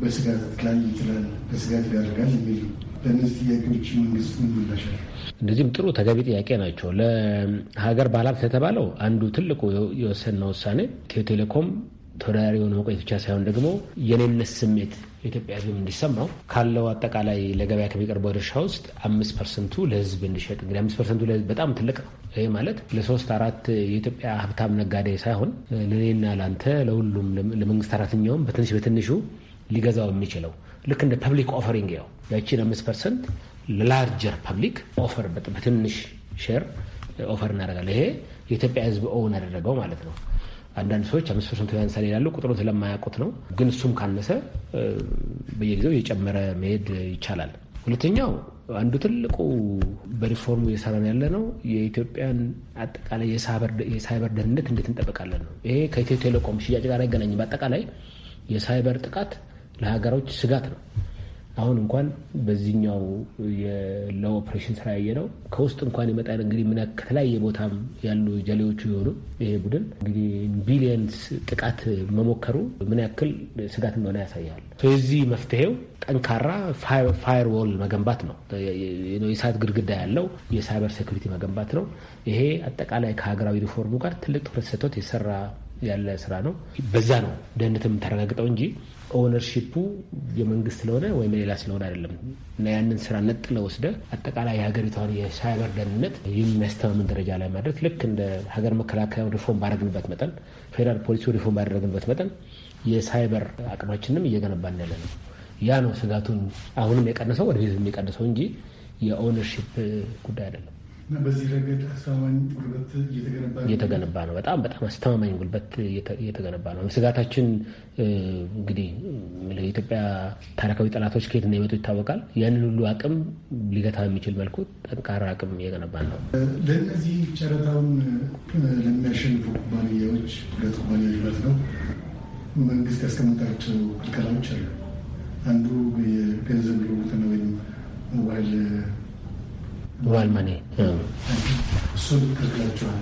በስጋት ላይ ይጥላል፣ በስጋት ያደርጋል የሚል ነው። ለእነዚህ ጥያቄዎች መንግስት ይመላሻል። እነዚህም ጥሩ ተገቢ ጥያቄ ናቸው። ለሀገር ባለሀብት የተባለው አንዱ ትልቁ የወሰንነው ውሳኔ ኢትዮ ቴሌኮም ተወዳዳሪ የሆነ መቆየት ብቻ ሳይሆን ደግሞ የኔነት ስሜት የኢትዮጵያ ሕዝብም እንዲሰማው ካለው አጠቃላይ ለገበያ ከሚቀርበው ድርሻ ውስጥ አምስት ፐርሰንቱ ለሕዝብ እንዲሸጥ እንግዲህ አምስት ፐርሰንቱ ለሕዝብ በጣም ትልቅ ነው። ይህ ማለት ለሶስት አራት የኢትዮጵያ ሀብታም ነጋዴ ሳይሆን ለእኔና ለአንተ፣ ለሁሉም ለመንግስት አራተኛውም በትንሽ በትንሹ ሊገዛው የሚችለው ልክ እንደ ፐብሊክ ኦፈሪንግ ያው ያቺን አምስት ፐርሰንት ለላርጀር ፐብሊክ ኦፈር በትንሽ ሼር ኦፈር እናደርጋለን። ይሄ የኢትዮጵያ ሕዝብ ኦውን ያደረገው ማለት ነው። አንዳንድ ሰዎች አምስት ፐርሰንቱ ያንሳል ይላሉ። ቁጥሩን ስለማያውቁት ነው። ግን እሱም ካነሰ በየጊዜው እየጨመረ መሄድ ይቻላል። ሁለተኛው አንዱ ትልቁ በሪፎርሙ እየሰራን ያለ ነው የኢትዮጵያን አጠቃላይ የሳይበር ደህንነት እንዴት እንጠበቃለን ነው። ይሄ ከኢትዮ ቴሌኮም ሽያጭ ጋር አይገናኝም። በአጠቃላይ የሳይበር ጥቃት ለሀገሮች ስጋት ነው። አሁን እንኳን በዚህኛው ኦፕሬሽን ስራ ያየ ነው ከውስጥ እንኳን ይመጣል። እንግዲህ ምን ከተለያየ ቦታም ያሉ ጀሌዎቹ የሆኑ ይሄ ቡድን እንግዲህ ቢሊየንስ ጥቃት መሞከሩ ምን ያክል ስጋት እንደሆነ ያሳያል። ስለዚህ መፍትሄው ጠንካራ ፋይርዎል መገንባት ነው። የእሳት ግድግዳ ያለው የሳይበር ሴኩሪቲ መገንባት ነው። ይሄ አጠቃላይ ከሀገራዊ ሪፎርሙ ጋር ትልቅ ትኩረት ሰጥቶት የሰራ ያለ ስራ ነው። በዛ ነው ደህንነት የምታረጋግጠው እንጂ ኦነርሺፑ የመንግስት ስለሆነ ወይም ሌላ ስለሆነ አይደለም። እና ያንን ስራ ነጥለ ወስደ አጠቃላይ የሀገሪቷን የሳይበር ደህንነት የሚያስተማምን ደረጃ ላይ ማድረግ ልክ እንደ ሀገር መከላከያ ሪፎርም ባደረግንበት መጠን፣ ፌዴራል ፖሊሲ ሪፎርም ባደረግንበት መጠን የሳይበር አቅማችንም እየገነባን ያለ ነው። ያ ነው ስጋቱን አሁንም የቀነሰው ወደፊት የሚቀንሰው እንጂ የኦነርሺፕ ጉዳይ አይደለም። በዚህ ረገድ አስተማማኝ ጉልበት እየተገነባ ነው። በጣም በጣም አስተማማኝ ጉልበት እየተገነባ ነው። ስጋታችን እንግዲህ የኢትዮጵያ ታሪካዊ ጠላቶች ከየት እንደሚመጡ ይታወቃል። ያንን ሁሉ አቅም ሊገታ የሚችል መልኩ ጠንካራ አቅም እየገነባ ነው። ለእነዚህ ጨረታውን ለሚያሸንፉ ኩባንያዎች፣ ሁለት ኩባንያዎች ማለት ነው መንግስት ያስቀመጣቸው ክልከላዎች አሉ። አንዱ የገንዘብ ልውውጥን ወይም ሞባይል ሞባይል ዋልመኔ እሱን ክልክላቸዋል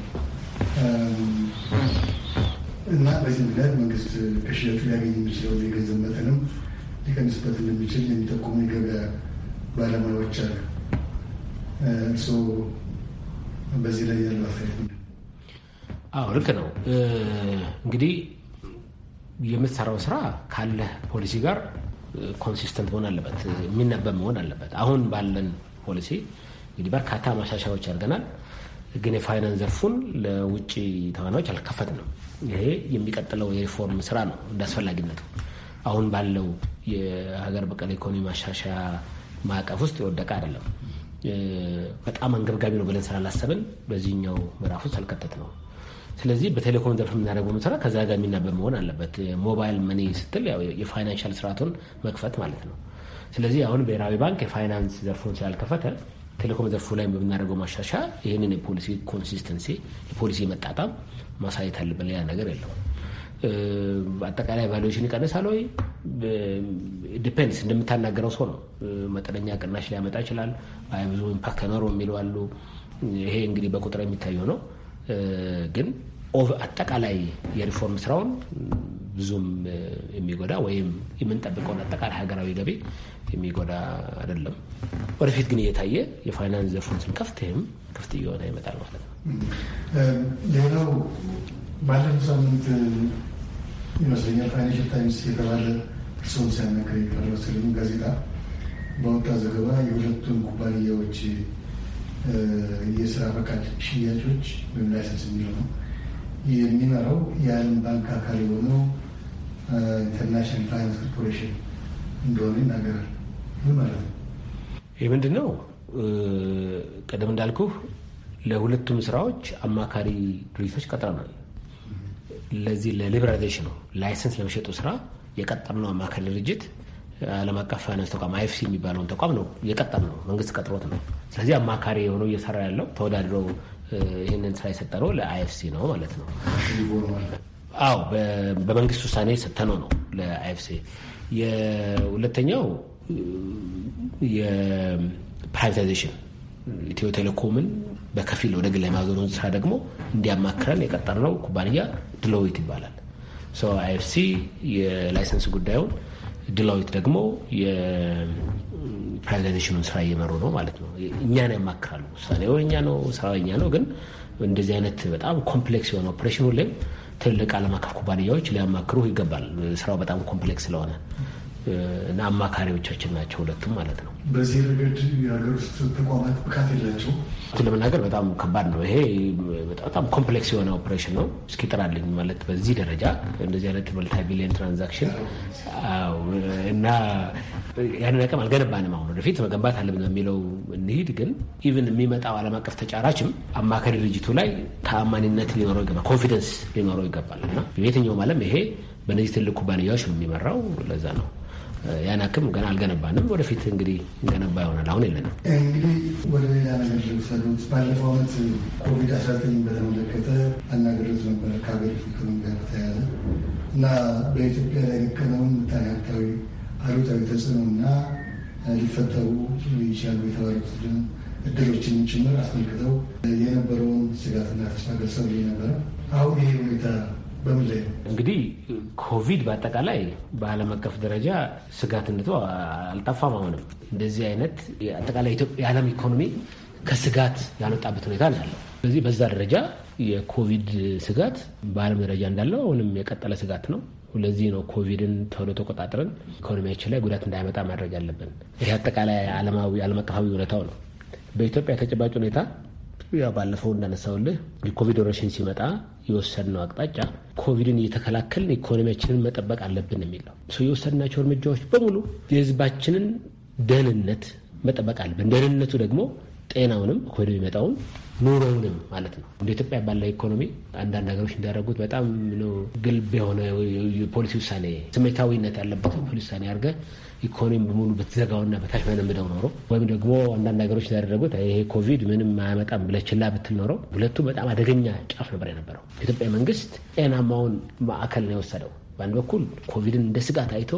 እና በዚህ ምክንያት መንግስት ከሽያጩ ሊያገኝ የሚችለውን የገንዘብ መጠንም ሊቀንስበት እንደሚችል የሚጠቁሙ የገበያ ባለሙያዎች አሉ። እርስዎ በዚህ ላይ ያለው አስተያየት ምንድን አዎ ልክ ነው። እንግዲህ የምትሰራው ስራ ካለህ ፖሊሲ ጋር ኮንሲስተንት መሆን አለበት፣ የሚነበብ መሆን አለበት። አሁን ባለን ፖሊሲ እንግዲህ በርካታ ማሻሻያዎች አድርገናል። ግን የፋይናንስ ዘርፉን ለውጭ ተዋናዮች አልከፈትንም። ይሄ የሚቀጥለው የሪፎርም ስራ ነው እንደ አስፈላጊነቱ አሁን ባለው የሀገር በቀል ኢኮኖሚ ማሻሻያ ማዕቀፍ ውስጥ የወደቀ አይደለም። በጣም አንገብጋቢ ነው ብለን ስላላሰብን በዚህኛው ምዕራፍ ውስጥ አልከተት ነው። ስለዚህ በቴሌኮም ዘርፍ የምናደርገው ስራ ከዛ ጋር የሚናበብ መሆን አለበት። ሞባይል መኒ ስትል የፋይናንሻል ስርዓቱን መክፈት ማለት ነው። ስለዚህ አሁን ብሔራዊ ባንክ የፋይናንስ ዘርፉን ስላልከፈተ ቴሌኮም ዘርፉ ላይ በምናደርገው ማሻሻያ ይህንን የፖሊሲ ኮንሲስተንሲ የፖሊሲ መጣጣም ማሳየት አለብን። ሌላ ነገር የለው። አጠቃላይ ቫሉዌሽን ይቀንሳል ወይ? ዲፔንድስ እንደምታናገረው ሰው ነው። መጠነኛ ቅናሽ ሊያመጣ ይችላል። አይ ብዙ ኢምፓክት አይኖረው የሚለው አሉ። ይሄ እንግዲህ በቁጥር የሚታየው ነው። ግን አጠቃላይ የሪፎርም ስራውን ብዙም የሚጎዳ ወይም የምንጠብቀውን አጠቃላይ ሀገራዊ ገቢ የሚጎዳ አይደለም። ወደፊት ግን እየታየ የፋይናንስ ዘርፉን ስንከፍት ይህም ክፍት እየሆነ ይመጣል ማለት ነው። ሌላው ባለፈው ሳምንት ይመስለኛል ፋይናንሽል ታይምስ የተባለ እርስዎም ሲያነገር የደረሰልኝ ጋዜጣ በወጣ ዘገባ የሁለቱን ኩባንያዎች የስራ ፈቃድ ሽያጮች ወይም ላይሰንስ የሚለው ነው የሚመራው የዓለም ባንክ አካል የሆነው ኢንተርናሽናል ፋይናንስ ኮርፖሬሽን እንደሆነ ይናገራል። ይህ ምንድን ነው? ቀደም እንዳልኩ ለሁለቱም ስራዎች አማካሪ ድርጅቶች ቀጥረናል። ለዚህ ነው ላይሰንስ ለመሸጡ ስራ የቀጠርነው አማካሪ ድርጅት ዓለም አቀፍ ፋይናንስ ተቋም አይኤፍሲ የሚባለውን ተቋም ነው የቀጠርነው። መንግስት ቀጥሮት ነው። ስለዚህ አማካሪ የሆነው እየሰራ ያለው ተወዳድሮ ይህንን ስራ የሰጠነው ለአይኤፍሲ ነው ማለት ነው። አዎ በመንግስት ውሳኔ ሰተነው ነው ለአይኤፍሲ የሁለተኛው የፕራይቬታይዜሽን ኢትዮ ቴሌኮምን በከፊል ወደ ግል የማዞሩን ስራ ደግሞ እንዲያማክረን የቀጠርነው ኩባንያ ድሎዊት ይባላል። አይኤፍሲ የላይሰንስ ጉዳዩን ድሎዊት ደግሞ የፕራይቬታይዜሽኑን ስራ እየመሩ ነው ማለት ነው። እኛን ያማክራሉ። ውሳኔው እኛ ነው፣ ስራ እኛ ነው። ግን እንደዚህ አይነት በጣም ኮምፕሌክስ የሆነ ኦፕሬሽን ሁሌም ትልልቅ ዓለም አቀፍ ኩባንያዎች ሊያማክሩ ይገባል። ስራው በጣም ኮምፕሌክስ ስለሆነ እና አማካሪዎቻችን ናቸው ሁለቱም ማለት ነው። በዚህ ረገድ የሀገር ውስጥ ተቋማት ብቃት የላቸው ለመናገር በጣም ከባድ ነው። ይሄ በጣም ኮምፕሌክስ የሆነ ኦፕሬሽን ነው። እስኪ ጥራልኝ ማለት በዚህ ደረጃ እንደዚህ አይነት መልታ ቢሊዮን ትራንዛክሽን እና ያንን አቅም አልገነባንም። አሁን ወደፊት መገንባት አለብን የሚለው እንሂድ። ግን ኢቭን የሚመጣው ዓለም አቀፍ ተጫራችም አማካሪ ድርጅቱ ላይ ተአማኒነት ሊኖረው ይገባል፣ ኮንፊደንስ ሊኖረው ይገባል እና የትኛውም ዓለም ይሄ በእነዚህ ትልቅ ኩባንያዎች ነው የሚመራው። ለዛ ነው ያን አክም ገና አልገነባንም። ወደፊት እንግዲህ እንገነባ ይሆናል። አሁን የለንም። እንግዲህ ወደ ሌላ ነገር ልውሰዶት። ባለፈው ዓመት ኮቪድ-19 በተመለከተ አናገሮት ነበረ ከሀገር ኢኮኖሚ ጋር ተያያዘ እና በኢትዮጵያ ላይ የቀለውን ምጣኔ አሉታዊ ተጽዕኖ እና ሊፈጠሩ ይችላሉ የተባሉትን እድሎችን ጭምር አስመልክተው የነበረውን ስጋትና ተስፋ ገልጸው ነበረ። አሁን ይሄ ሁኔታ በምን እንግዲህ ኮቪድ በአጠቃላይ በዓለም አቀፍ ደረጃ ስጋትነቱ አልጠፋም። አሁንም እንደዚህ አይነት አጠቃላይ የዓለም ኢኮኖሚ ከስጋት ያልወጣበት ሁኔታ ነው ያለው። ስለዚህ በዛ ደረጃ የኮቪድ ስጋት በዓለም ደረጃ እንዳለው አሁንም የቀጠለ ስጋት ነው። ለዚህ ነው ኮቪድን ቶሎ ተቆጣጥረን ኢኮኖሚያችን ላይ ጉዳት እንዳይመጣ ማድረግ ያለብን። ይህ አጠቃላይ ዓለም አቀፋዊ እውነታው ነው። በኢትዮጵያ ተጨባጭ ሁኔታ ያው ባለፈው እንዳነሳውልህ የኮቪድ ወረርሽኝ ሲመጣ የወሰድነው አቅጣጫ ኮቪድን እየተከላከልን ኢኮኖሚያችንን መጠበቅ አለብን የሚለው የወሰድናቸው እርምጃዎች በሙሉ የህዝባችንን ደህንነት መጠበቅ አለብን። ደህንነቱ ደግሞ ጤናውንም ኮቪድ የሚመጣውን ኑሮውንም ማለት ነው። እንደ ኢትዮጵያ ባለ ኢኮኖሚ አንዳንድ ሀገሮች እንዳደረጉት በጣም ግልብ የሆነ የፖሊሲ ውሳኔ ስሜታዊነት ያለበት ፖሊሲ ውሳኔ አድርገህ ኢኮኖሚ በሙሉ ብትዘጋውና በታች መለምደው ኖሮ ወይም ደግሞ አንዳንድ ሀገሮች እንዳደረጉት ይሄ ኮቪድ ምንም አያመጣም ብለህ ችላ ብትል ኖሮ ሁለቱ በጣም አደገኛ ጫፍ ነበር የነበረው። ኢትዮጵያ መንግስት ጤናማውን ማዕከል ነው የወሰደው። በአንድ በኩል ኮቪድን እንደ ስጋት አይቶ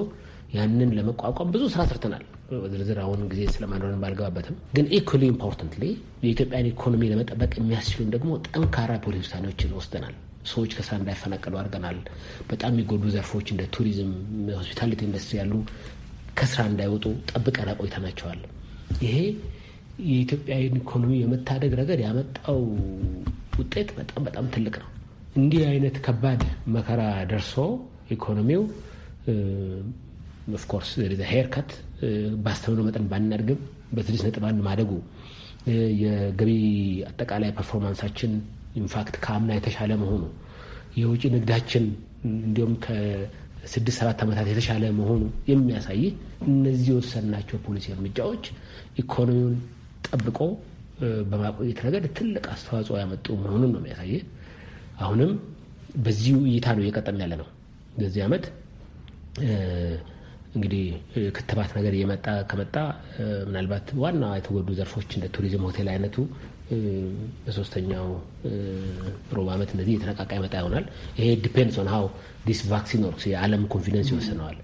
ያንን ለመቋቋም ብዙ ስራ ሰርተናል። ዝርዝር አሁን ጊዜ ስለማንሆን ባልገባበትም፣ ግን ኢኩሊ ኢምፖርታንት የኢትዮጵያን ኢኮኖሚ ለመጠበቅ የሚያስችሉን ደግሞ ጠንካራ ፖሊሲ ውሳኔዎችን ወስደናል። ሰዎች ከስራ እንዳይፈናቀሉ አድርገናል። በጣም የሚጎዱ ዘርፎች እንደ ቱሪዝም፣ ሆስፒታሊቲ ኢንዱስትሪ ያሉ ከስራ እንዳይወጡ ጠብቀን አቆይተናቸዋል። ይሄ የኢትዮጵያን ኢኮኖሚ የመታደግ ረገድ ያመጣው ውጤት በጣም በጣም ትልቅ ነው። እንዲህ አይነት ከባድ መከራ ደርሶ ኢኮኖሚው ኦፍኮርስ ሄርከት ባስተምነው መጠን ባናድግም በስድስት ነጥብ አንድ ማደጉ የገቢ አጠቃላይ ፐርፎርማንሳችን ኢንፋክት ከአምና የተሻለ መሆኑ የውጭ ንግዳችን እንዲሁም ስድስት ሰባት ዓመታት የተሻለ መሆኑ የሚያሳይ እነዚህ የወሰናቸው ፖሊሲ እርምጃዎች ኢኮኖሚውን ጠብቆ በማቆየት ረገድ ትልቅ አስተዋጽኦ ያመጡ መሆኑን ነው የሚያሳየ። አሁንም በዚሁ እይታ ነው እየቀጠም ያለ ነው። በዚህ ዓመት እንግዲህ ክትባት ነገር እየመጣ ከመጣ ምናልባት ዋና የተጎዱ ዘርፎች እንደ ቱሪዝም፣ ሆቴል አይነቱ በሶስተኛው ሩብ ዓመት እንደዚህ የተነቃቃ ይመጣ ይሆናል። ይሄ ዲፔንድስ ኦን ሃው ዲስ ቫክሲን ወርክስ የዓለም ኮንፊደንስ ይወስነዋል።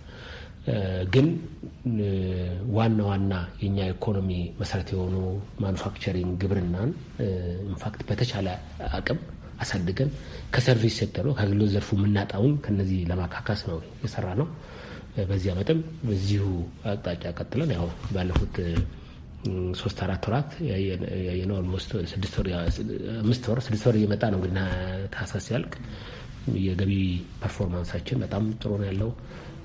ግን ዋና ዋና የኛ ኢኮኖሚ መሰረት የሆኑ ማኑፋክቸሪንግ፣ ግብርናን ኢንፋክት በተቻለ አቅም አሳድገን ከሰርቪስ ሴክተሩ ከአገልግሎት ዘርፉ የምናጣውን ከነዚህ ለማካካስ ነው የሰራ ነው። በዚህ ዓመትም በዚሁ አቅጣጫ ቀጥለን ያው ባለፉት ሶስት አራት ወራት ያየነው ኦልሞስት ስድስት ወር አምስት ወር ስድስት ወር እየመጣ ነው እንግዲህ ታህሳስ ሲያልቅ የገቢ ፐርፎርማንሳችን በጣም ጥሩ ነው ያለው።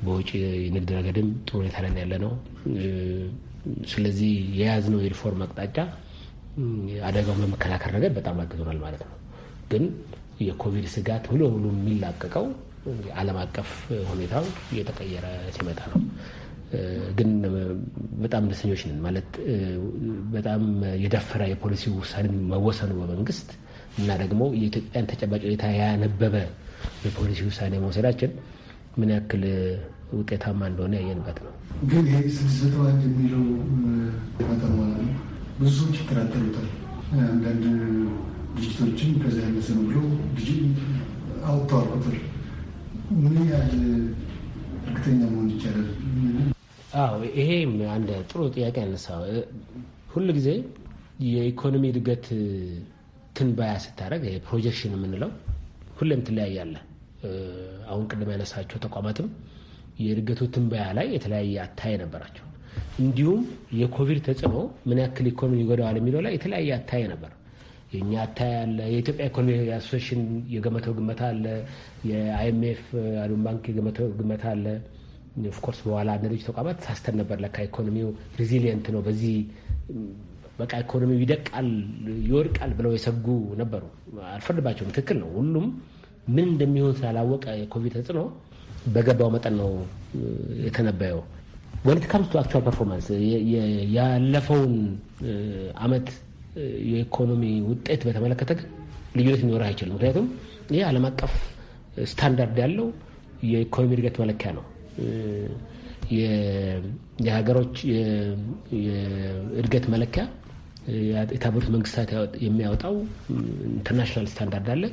በውጭ የንግድ ረገድም ጥሩ ሁኔታ ያለ ነው። ስለዚህ የያዝነው የሪፎርም አቅጣጫ አደጋውን በመከላከል ረገድ በጣም አግዞናል ማለት ነው። ግን የኮቪድ ስጋት ሙሉ በሙሉ የሚላቀቀው ዓለም አቀፍ ሁኔታው እየተቀየረ ሲመጣ ነው። ግን በጣም ደስተኞች ነን ማለት በጣም የደፈረ የፖሊሲ ውሳኔ መወሰኑ በመንግስት እና ደግሞ የኢትዮጵያን ተጨባጭ ሁኔታ ያነበበ የፖሊሲ ውሳኔ መውሰዳችን ምን ያክል ውጤታማ እንደሆነ ያየንበት ነው። ግን ይህ ስድስት ዋጅ የሚለው ተማላ ብዙ ሰዎች ይከራከሩታል። አንዳንድ ድርጅቶችም ከዚ ያነሰ ነው ብሎ አውጥተዋል ቁጥር ምን ያህል እርግጠኛ መሆን ይቻላል? አዎ ይሄ አንድ ጥሩ ጥያቄ ያነሳ። ሁሉ ጊዜ የኢኮኖሚ እድገት ትንባያ ስታደረግ ፕሮጀክሽን የምንለው ሁሌም ትለያያለ። አሁን ቅድም ያነሳቸው ተቋማትም የእድገቱ ትንባያ ላይ የተለያየ አታይ ነበራቸው። እንዲሁም የኮቪድ ተጽዕኖ ምን ያክል ኢኮኖሚ ይጎዳዋል የሚለው ላይ የተለያየ አታይ ነበር። የእኛ አታይ አለ። የኢትዮጵያ ኢኮኖሚ አሶሴሽን የገመተው ግመታ አለ። የአይኤምኤፍ ዓለም ባንክ የገመተው ግመታ አለ። ኦፍኮርስ በኋላ አንዳንዶች ተቋማት ሳስተን ነበር ለካ ኢኮኖሚው ሪዚሊየንት ነው በዚህ በቃ ኢኮኖሚው ይደቃል ይወድቃል ብለው የሰጉ ነበሩ። አልፈርድባቸውም። ትክክል ነው። ሁሉም ምን እንደሚሆን ስላላወቀ የኮቪድ ተጽዕኖ በገባው መጠን ነው የተነበየው። ወንት ካምስ ቱ አክቹዋል ፐርፎርማንስ ያለፈውን አመት የኢኮኖሚ ውጤት በተመለከተ ግን ልዩነት ሊኖረህ አይችልም። ምክንያቱም ይህ ዓለም አቀፍ ስታንዳርድ ያለው የኢኮኖሚ እድገት መለኪያ ነው። የሀገሮች የእድገት መለኪያ የተባበሩት መንግስታት የሚያወጣው ኢንተርናሽናል ስታንዳርድ አለ።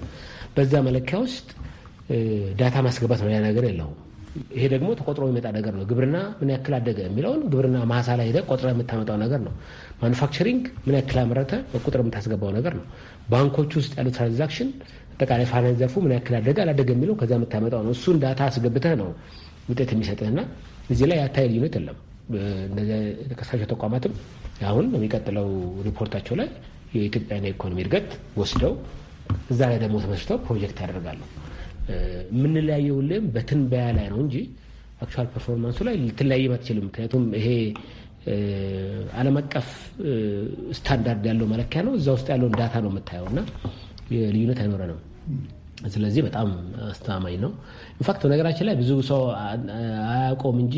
በዛ መለኪያ ውስጥ ዳታ ማስገባት ነው። ያ ነገር የለውም። ይሄ ደግሞ ተቆጥሮ የሚመጣ ነገር ነው። ግብርና ምን ያክል አደገ የሚለውን ግብርና ማሳ ላይ ሄደህ ቆጥረህ የምታመጣው ነገር ነው። ማኑፋክቸሪንግ ምን ያክል አመረተ በቁጥር የምታስገባው ነገር ነው። ባንኮች ውስጥ ያሉ ትራንዛክሽን፣ አጠቃላይ ፋይናንስ ዘርፉ ምን ያክል አደገ አላደገ የሚለው ከዛ የምታመጣው ነው። እሱን ዳታ አስገብተህ ነው ውጤት የሚሰጥህና እዚህ ላይ ያታይ ልዩነት የለም። ተከሳሽ ተቋማትም አሁን የሚቀጥለው ሪፖርታቸው ላይ የኢትዮጵያን የኢኮኖሚ እድገት ወስደው እዛ ላይ ደግሞ ተመስርተው ፕሮጀክት ያደርጋሉ። የምንለያየው ሁሌም በትንበያ ላይ ነው እንጂ አክቹዋል ፐርፎርማንሱ ላይ ልትለያይም አትችልም። ምክንያቱም ይሄ ዓለም አቀፍ ስታንዳርድ ያለው መለኪያ ነው። እዛ ውስጥ ያለውን ዳታ ነው የምታየው እና ልዩነት አይኖረንም። ስለዚህ በጣም አስተማማኝ ነው። ኢንፋክት ነገራችን ላይ ብዙ ሰው አያውቀውም እንጂ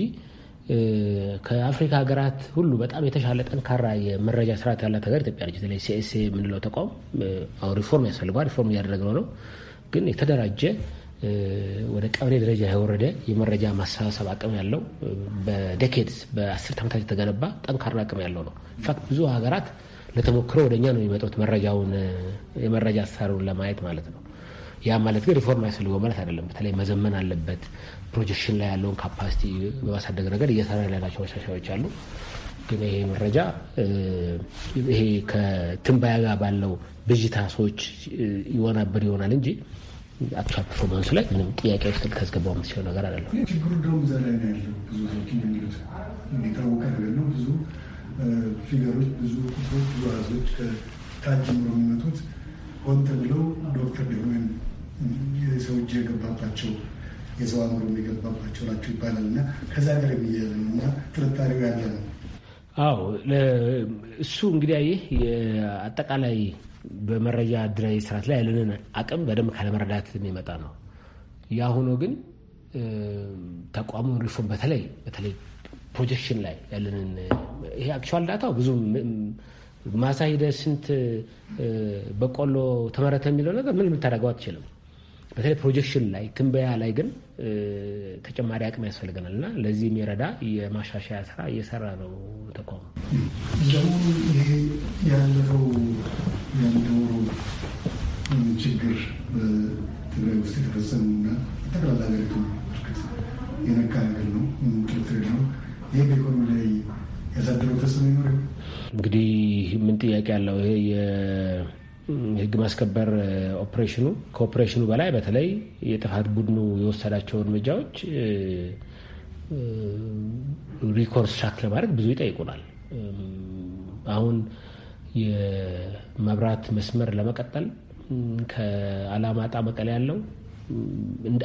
ከአፍሪካ ሀገራት ሁሉ በጣም የተሻለ ጠንካራ የመረጃ ስርዓት ያላት ሀገር ኢትዮጵያ ነች። በተለይ ሲኤስኤ የምንለው ተቋም አሁን ሪፎርም ያስፈልገዋል። ሪፎርም እያደረግነው ነው። ግን የተደራጀ ወደ ቀበሌ ደረጃ የወረደ የመረጃ ማሰባሰብ አቅም ያለው በዴኬድስ በአስርት ዓመታት የተገነባ ጠንካራ አቅም ያለው ነው። ኢንፋክት ብዙ ሀገራት ለተሞክሮ ወደኛ ነው የሚመጡት መረጃውን የመረጃ አሰራሩን ለማየት ማለት ነው። ያ ማለት ግን ሪፎርም አያስፈልገው ማለት አይደለም። በተለይ መዘመን አለበት። ፕሮጀክሽን ላይ ያለውን ካፓሲቲ በማሳደግ ረገድ እየሰራ ያላቸው መሻሻያዎች አሉ። ግን ይሄ መረጃ ይሄ ከትንባያ ጋር ባለው ብዥታ ሰዎች ይወናበድ ይሆናል እንጂ አክቹዋል ፐርፎርማንሱ ላይ ምንም ጥያቄ ውስጥ ልታስገባው የምትችለው ነገር አይደለም። ችግሩ እንደውም እዛ ላይ ነው ያለው። ብዙ ሰዎች እንደሚሉት የታወቀ ነገር ነው። ብዙ ፊገሮች፣ ብዙ ቁጥሮች፣ ብዙ አሃዞች ከታች የሚመጡት ሆን ተብለው ዶክተር ሊሆን የሰው እጅ የገባባቸው የሰው አእምሮ የገባባቸው ናቸው ይባላል እና ከዛ ጋር የሚያያዝ ነው እና ጥርጣሬው ያለ ነው። አዎ እሱ እንግዲህ ይህ አጠቃላይ በመረጃ አድራዊ ስርዓት ላይ ያለንን አቅም በደንብ ካለመረዳት የሚመጣ ነው። ያ ሆኖ ግን ተቋሙን ሪፎርም በተለይ በተለይ ፕሮጀክሽን ላይ ያለንን ይሄ አክቹዋል ዳታው ብዙ ማሳ ሂደህ ስንት በቆሎ ተመረተ የሚለው ነገር ምን የምታደርገው አትችልም። በተለይ ፕሮጀክሽን ላይ ትንበያ ላይ ግን ተጨማሪ አቅም ያስፈልገናል እና ለዚህ የሚረዳ የማሻሻያ ስራ እየሰራ ነው ተቋሙ። ደግሞ ይሄ ያለፈው ያለው ችግር በትግራይ ውስጥ የተፈጸሙና ጠቅላላ ሀገሪቱ የነካ ነገር ነው ጥርጥር ነው። ይህ በኢኮኖሚ ላይ ያሳደረው ተጽዕኖ ይኖር እንግዲህ ምን ጥያቄ ያለው ይሄ ህግ ማስከበር ኦፕሬሽኑ ከኦፕሬሽኑ በላይ በተለይ የጥፋት ቡድኑ የወሰዳቸው እርምጃዎች ሪኮንስትራክት ለማድረግ ብዙ ይጠይቁናል። አሁን የመብራት መስመር ለመቀጠል ከአላማጣ መቀሌ ያለው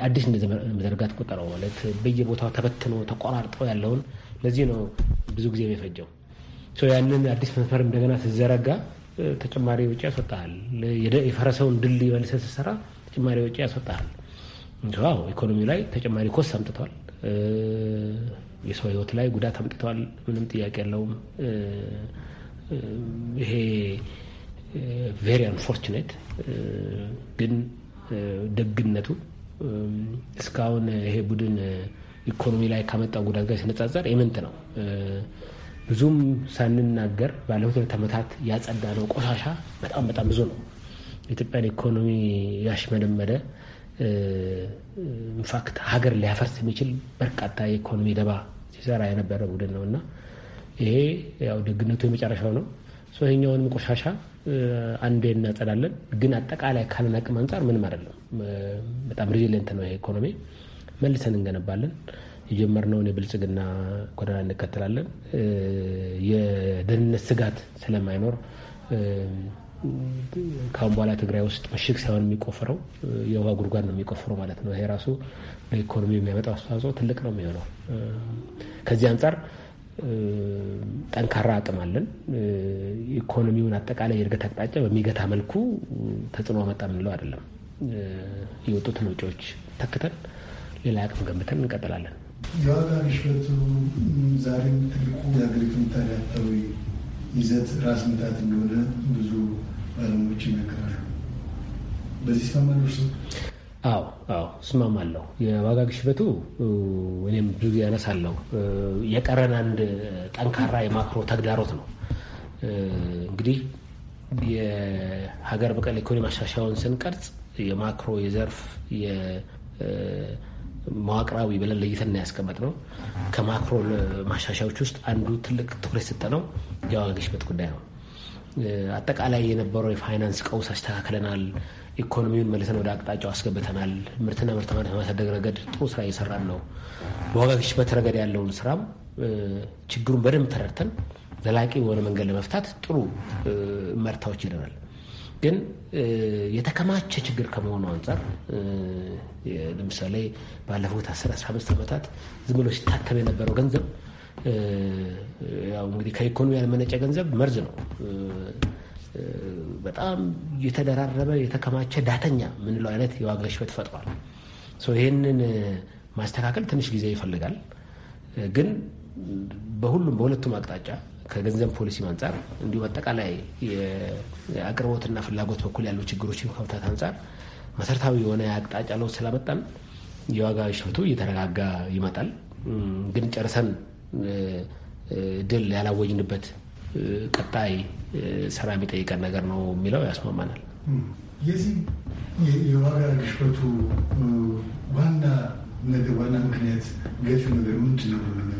አዲስ እንደመዘርጋት ቁጠረው ማለት በየቦታው ተበትኖ ተቆራርጠው ያለውን ለዚህ ነው ብዙ ጊዜ የሚፈጀው ያንን አዲስ መስመር እንደገና ስትዘረጋ ተጨማሪ ወጪ ያስወጣል። የፈረሰውን ድልድይ መልሰህ ስትሰራ ተጨማሪ ወጪ ያስወጣል። አዎ ኢኮኖሚ ላይ ተጨማሪ ኮስት አምጥተዋል። የሰው ህይወት ላይ ጉዳት አምጥተዋል። ምንም ጥያቄ የለውም። ይሄ ቬሪ አንፎርችኔት ግን ደግነቱ እስካሁን ይሄ ቡድን ኢኮኖሚ ላይ ካመጣው ጉዳት ጋር ሲነጻጸር የምንት ነው። ብዙም ሳንናገር ባለፉት ሁለት ዓመታት ያጸዳ ነው ቆሻሻ በጣም በጣም ብዙ ነው። የኢትዮጵያን ኢኮኖሚ ያሽመደመደ ኢንፋክት ሀገር ሊያፈርስ የሚችል በርካታ የኢኮኖሚ ደባ ሲሰራ የነበረ ቡድን ነው እና ይሄ ያው ደግነቱ የመጨረሻው ነው። ይሄኛውንም ቆሻሻ አንዴ እናጸዳለን፣ ግን አጠቃላይ ካለን አቅም አንጻር ምንም አይደለም። በጣም ሪዚለንት ነው ይሄ ኢኮኖሚ መልሰን እንገነባለን። የጀመርነውን የብልጽግና ጎዳና እንከተላለን። የደህንነት ስጋት ስለማይኖር ካሁን በኋላ ትግራይ ውስጥ ምሽግ ሳይሆን የሚቆፍረው የውሃ ጉድጓድ ነው የሚቆፍረው ማለት ነው። ይሄ ራሱ ለኢኮኖሚ የሚያመጣው አስተዋጽኦ ትልቅ ነው የሚሆነው። ከዚህ አንጻር ጠንካራ አቅም አለን። ኢኮኖሚውን አጠቃላይ የእድገት አቅጣጫ በሚገታ መልኩ ተጽዕኖ መጣ ምንለው አይደለም። የወጡትን ውጪዎች ተክተን ሌላ አቅም ገንብተን እንቀጥላለን። የዋጋ ግሽበቱ ዛሬም ትልቁ የሀገሪቱ ታሪያታዊ ይዘት ራስ ምታት እንደሆነ ብዙ ባለሙያዎች ይመክራሉ። በዚህ ይስማማሉ እርሱ? አዎ አዎ፣ እስማማለሁ። የዋጋ ግሽበቱ እኔም ብዙ ጊዜ ያነሳለሁ። የቀረን አንድ ጠንካራ የማክሮ ተግዳሮት ነው። እንግዲህ የሀገር በቀል ኢኮኖሚ ማሻሻያውን ስንቀርጽ የማክሮ የዘርፍ መዋቅራዊ ብለን ለይተን ያስቀመጥ ነው። ከማክሮ ማሻሻዎች ውስጥ አንዱ ትልቅ ትኩረት የሰጠነው የዋጋ ግሽበት ጉዳይ ነው። አጠቃላይ የነበረው የፋይናንስ ቀውስ አስተካክለናል። ኢኮኖሚውን መልሰን ወደ አቅጣጫው አስገብተናል። ምርትና ምርታማነት በማሳደግ ረገድ ጥሩ ስራ እየሰራን ነው። በዋጋ ግሽበት ረገድ ያለውን ስራም ችግሩን በደንብ ተረድተን ዘላቂ በሆነ መንገድ ለመፍታት ጥሩ መርታዎች ይደናል። ግን የተከማቸ ችግር ከመሆኑ አንጻር ለምሳሌ ባለፉት 15 ዓመታት ዝም ብሎ ሲታተም የነበረው ገንዘብ ያው እንግዲህ ከኢኮኖሚ ያልመነጨ ገንዘብ መርዝ ነው። በጣም የተደራረበ የተከማቸ ዳተኛ የምንለው አይነት የዋጋ ግሽበት ፈጥሯል። ይህንን ማስተካከል ትንሽ ጊዜ ይፈልጋል። ግን በሁሉም በሁለቱም አቅጣጫ ከገንዘብ ፖሊሲም አንጻር እንዲሁም አጠቃላይ የአቅርቦትና ፍላጎት በኩል ያሉ ችግሮችን ከመፍታት አንጻር መሰረታዊ የሆነ አቅጣጫ ለውጥ ስላመጣን የዋጋ ግሽበቱ እየተረጋጋ ይመጣል። ግን ጨርሰን ድል ያላወጅንበት ቀጣይ ስራ የሚጠይቀን ነገር ነው የሚለው ያስማማናል። የዚህ የዋጋ ግሽበቱ ዋና ነገር ዋና ምክንያት ገፊ ነገር ምንድን ነው?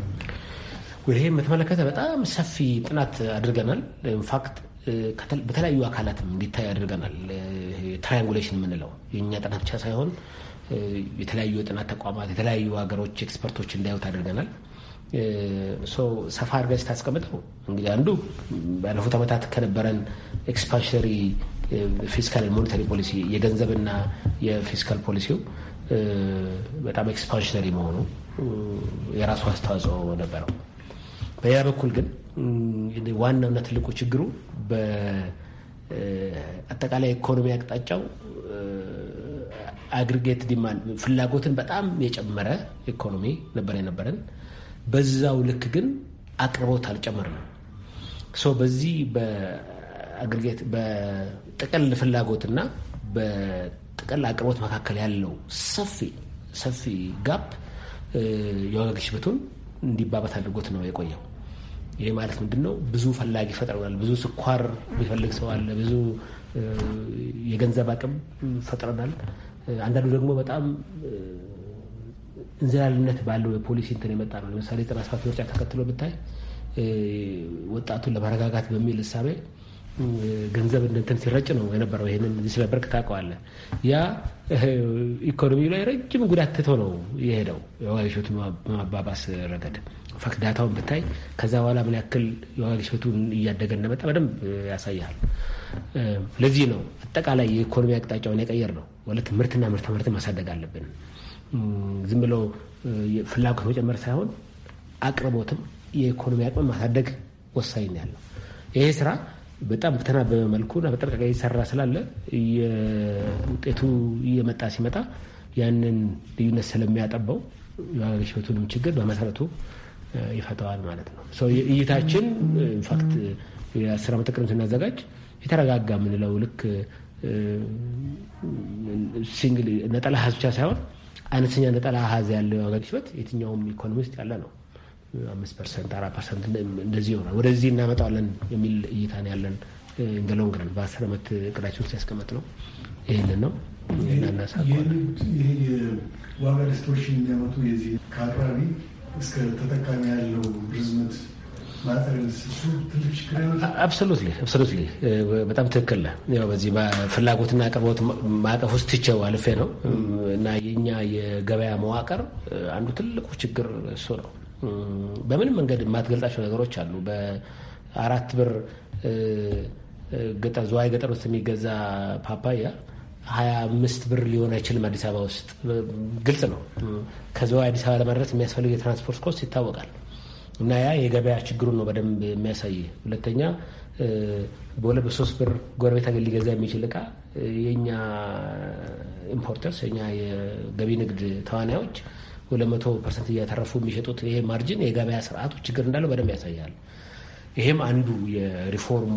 ይህን በተመለከተ በጣም ሰፊ ጥናት አድርገናል። ኢንፋክት በተለያዩ አካላትም እንዲታይ አድርገናል። ትራያንጉሌሽን የምንለው የእኛ ጥናት ብቻ ሳይሆን የተለያዩ የጥናት ተቋማት፣ የተለያዩ ሀገሮች ኤክስፐርቶች እንዳዩት አድርገናል። ሰፋ አድርገን ስታስቀምጠው እንግዲህ አንዱ ባለፉት ዓመታት ከነበረን ኤክስፓንሽነሪ ፊስካል ሞኔታሪ ፖሊሲ የገንዘብና የፊስካል ፖሊሲው በጣም ኤክስፓንሽነሪ መሆኑ የራሱ አስተዋጽኦ ነበረው። በሌላ በኩል ግን ዋናውና ትልቁ ችግሩ በአጠቃላይ ኢኮኖሚ አቅጣጫው አግሪጌት ዲማንድ ፍላጎትን በጣም የጨመረ ኢኮኖሚ ነበር የነበረን። በዛው ልክ ግን አቅርቦት አልጨመርንም። በዚህ በአግሪጌት በጥቅል ፍላጎትና በጥቅል አቅርቦት መካከል ያለው ሰፊ ሰፊ ጋፕ የዋጋ ግሽበቱን እንዲባባስ አድርጎት ነው የቆየው። ይሄ ማለት ምንድን ነው? ብዙ ፈላጊ ፈጥረናል። ብዙ ስኳር የሚፈልግ ሰው አለ። ብዙ የገንዘብ አቅም ፈጥረናል። አንዳንዱ ደግሞ በጣም እንዝላልነት ባለው የፖሊሲ እንትን የመጣ ነው። ለምሳሌ ዘጠና ምርጫ ተከትሎ ብታይ ወጣቱን ለማረጋጋት በሚል እሳቤ ገንዘብ እንትን ሲረጭ ነው የነበረው። ይህንን ስለበርክ ታውቀዋለህ። ያ ኢኮኖሚ ላይ ረጅም ጉዳት ትቶ ነው የሄደው የዋጋ ማባባስ ረገድ ፋክት ብታይ ከዛ በኋላ ምን ያክል የዋጋ ግሽበቱን እያደገ እንደመጣ በደንብ ያሳያል። ለዚህ ነው አጠቃላይ የኢኮኖሚ አቅጣጫውን የቀየር ነው ማለት ምርትና ምርት ምርት ማሳደግ አለብን። ዝም ብለው ፍላጎት መጨመር ሳይሆን አቅርቦትም የኢኮኖሚ አቅም ማሳደግ ወሳኝ ነው ያለው። ይሄ ስራ በጣም በተናበበ መልኩና በጥንቃቄ ይሰራ ስላለ ውጤቱ እየመጣ ሲመጣ ያንን ልዩነት ስለሚያጠበው የዋጋ ግሽበቱንም ችግር በመሰረቱ ይፈተዋል ማለት ነው። ሰው እይታችን ኢንፋክት የአስር ዓመት እቅድም ስናዘጋጅ የተረጋጋ የምንለው ልክ ሲንግል uh, ነጠላ አሃዝ ብቻ ሳይሆን አነስተኛ ነጠላ አሃዝ ያለው ዋጋ ግሽበት የትኛውም ኢኮኖሚ ውስጥ ያለ ነው። አምስት ፐርሰንት አራት ፐርሰንት እንደዚህ ይሆናል። ወደዚህ እናመጣዋለን የሚል እይታ ነው ያለን። እንደለውን uh, ግን በአስር ዓመት እቅዳችን ውስጥ ያስቀመጥ ነው ይህንን ነው እናናሳቋለን። ዋጋ ዲስቶርሽን የሚያመጡ የዚህ ከአቅራቢ እስከ ተጠቃሚ ያለው ርዝመት አብሶሉትሊ በጣም ትክክል ነው። በዚህ ፍላጎትና አቅርቦት ማዕቀፍ ውስጥ ትቼው አልፌ ነው እና የኛ የገበያ መዋቅር አንዱ ትልቁ ችግር እሱ ነው። በምንም መንገድ የማትገልጣቸው ነገሮች አሉ። በአራት ብር ዝዋይ ገጠር ውስጥ የሚገዛ ፓፓያ ሀያ አምስት ብር ሊሆን አይችልም። አዲስ አበባ ውስጥ ግልጽ ነው። ከዚያው አዲስ አበባ ለመድረስ የሚያስፈልግ የትራንስፖርት ኮስት ይታወቃል እና ያ የገበያ ችግሩን ነው በደንብ የሚያሳይ። ሁለተኛ በሁለት በሶስት ብር ጎረቤት አገር ሊገዛ የሚችል እቃ የእኛ ኢምፖርተርስ የኛ የገቢ ንግድ ተዋናዮች ሁለት መቶ ፐርሰንት እያተረፉ የሚሸጡት ይሄ ማርጅን የገበያ ስርዓቱ ችግር እንዳለው በደንብ ያሳያል። ይሄም አንዱ የሪፎርሙ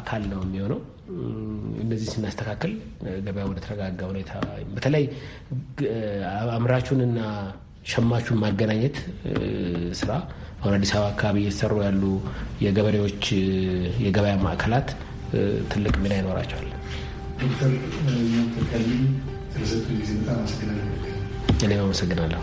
አካል ነው የሚሆነው። እነዚህ ስናስተካክል ገበያ ወደ ተረጋጋ ሁኔታ በተለይ አምራቹንና ሸማቹን ማገናኘት ስራ አሁን አዲስ አበባ አካባቢ እየተሰሩ ያሉ የገበሬዎች የገበያ ማዕከላት ትልቅ ሚና ይኖራቸዋል። ዶክተር ተከሊ ስለሰጡ ጊዜ በጣም አመሰግናለሁ። እኔም አመሰግናለሁ።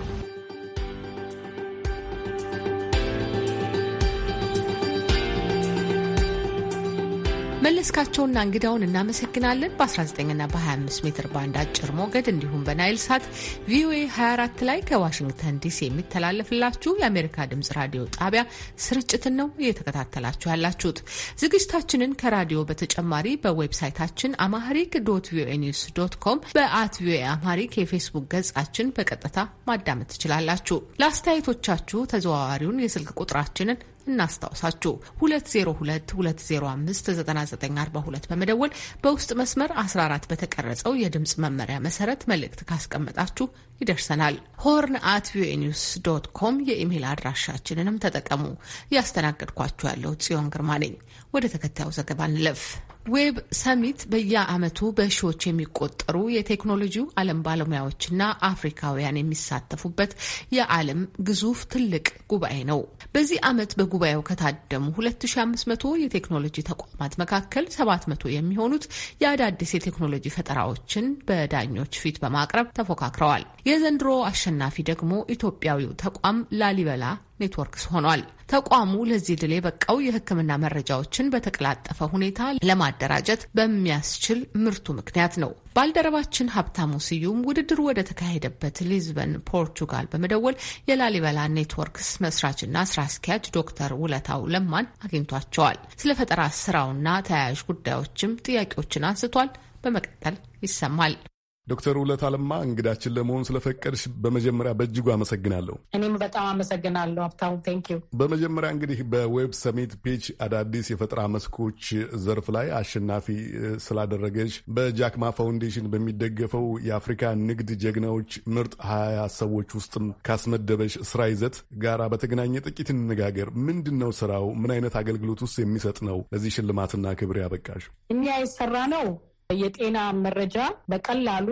መለስካቸውና እንግዳውን እናመሰግናለን። በ19ና በ25 ሜትር ባንድ አጭር ሞገድ እንዲሁም በናይል ሳት ቪኦኤ 24 ላይ ከዋሽንግተን ዲሲ የሚተላለፍላችሁ የአሜሪካ ድምጽ ራዲዮ ጣቢያ ስርጭትን ነው እየተከታተላችሁ ያላችሁት። ዝግጅታችንን ከራዲዮ በተጨማሪ በዌብሳይታችን አማሪክ ዶት ቪኦኤ ኒውስ ዶት ኮም፣ በአት ቪኦኤ አማሪክ የፌስቡክ ገጻችን በቀጥታ ማዳመጥ ትችላላችሁ። ለአስተያየቶቻችሁ ተዘዋዋሪውን የስልክ ቁጥራችንን እናስታውሳችሁ 2022059942 በመደወል በውስጥ መስመር 14 በተቀረጸው የድምፅ መመሪያ መሰረት መልእክት ካስቀመጣችሁ ይደርሰናል። ሆርን አት ቪኦኤ ኒውስ ዶት ኮም የኢሜይል አድራሻችንንም ተጠቀሙ። እያስተናገድኳችሁ ያለው ጽዮን ግርማ ነኝ። ወደ ተከታዩ ዘገባ እንለፍ። ዌብ ሰሚት በየዓመቱ በሺዎች የሚቆጠሩ የቴክኖሎጂው ዓለም ባለሙያዎችና አፍሪካውያን የሚሳተፉበት የዓለም ግዙፍ ትልቅ ጉባኤ ነው። በዚህ ዓመት በጉባኤው ከታደሙ 2500 የቴክኖሎጂ ተቋማት መካከል 700 የሚሆኑት የአዳዲስ የቴክኖሎጂ ፈጠራዎችን በዳኞች ፊት በማቅረብ ተፎካክረዋል። የዘንድሮ አሸናፊ ደግሞ ኢትዮጵያዊው ተቋም ላሊበላ ኔትወርክስ ሆኗል። ተቋሙ ለዚህ ድል የበቃው የሕክምና መረጃዎችን በተቀላጠፈ ሁኔታ ለማደራጀት በሚያስችል ምርቱ ምክንያት ነው። ባልደረባችን ሀብታሙ ስዩም ውድድሩ ወደ ተካሄደበት ሊዝበን ፖርቹጋል በመደወል የላሊበላ ኔትወርክስ መስራችና ስራ አስኪያጅ ዶክተር ውለታው ለማን አግኝቷቸዋል። ስለ ፈጠራ ስራውና ተያያዥ ጉዳዮችም ጥያቄዎችን አንስቷል። በመቀጠል ይሰማል። ዶክተር ውለት አለማ እንግዳችን ለመሆን ስለፈቀድሽ በመጀመሪያ በእጅጉ አመሰግናለሁ። እኔም በጣም አመሰግናለሁ ሀብታሙ ቴንኪው። በመጀመሪያ እንግዲህ በዌብ ሰሚት ፔጅ አዳዲስ የፈጠራ መስኮች ዘርፍ ላይ አሸናፊ ስላደረገች በጃክማ ፋውንዴሽን በሚደገፈው የአፍሪካ ንግድ ጀግናዎች ምርጥ ሀያ ሰዎች ውስጥም ካስመደበሽ ስራ ይዘት ጋራ በተገናኘ ጥቂት እንነጋገር። ምንድን ነው ስራው? ምን አይነት አገልግሎት ውስጥ የሚሰጥ ነው? ለዚህ ሽልማትና ክብር ያበቃሽ እኛ የሰራ ነው የጤና መረጃ በቀላሉ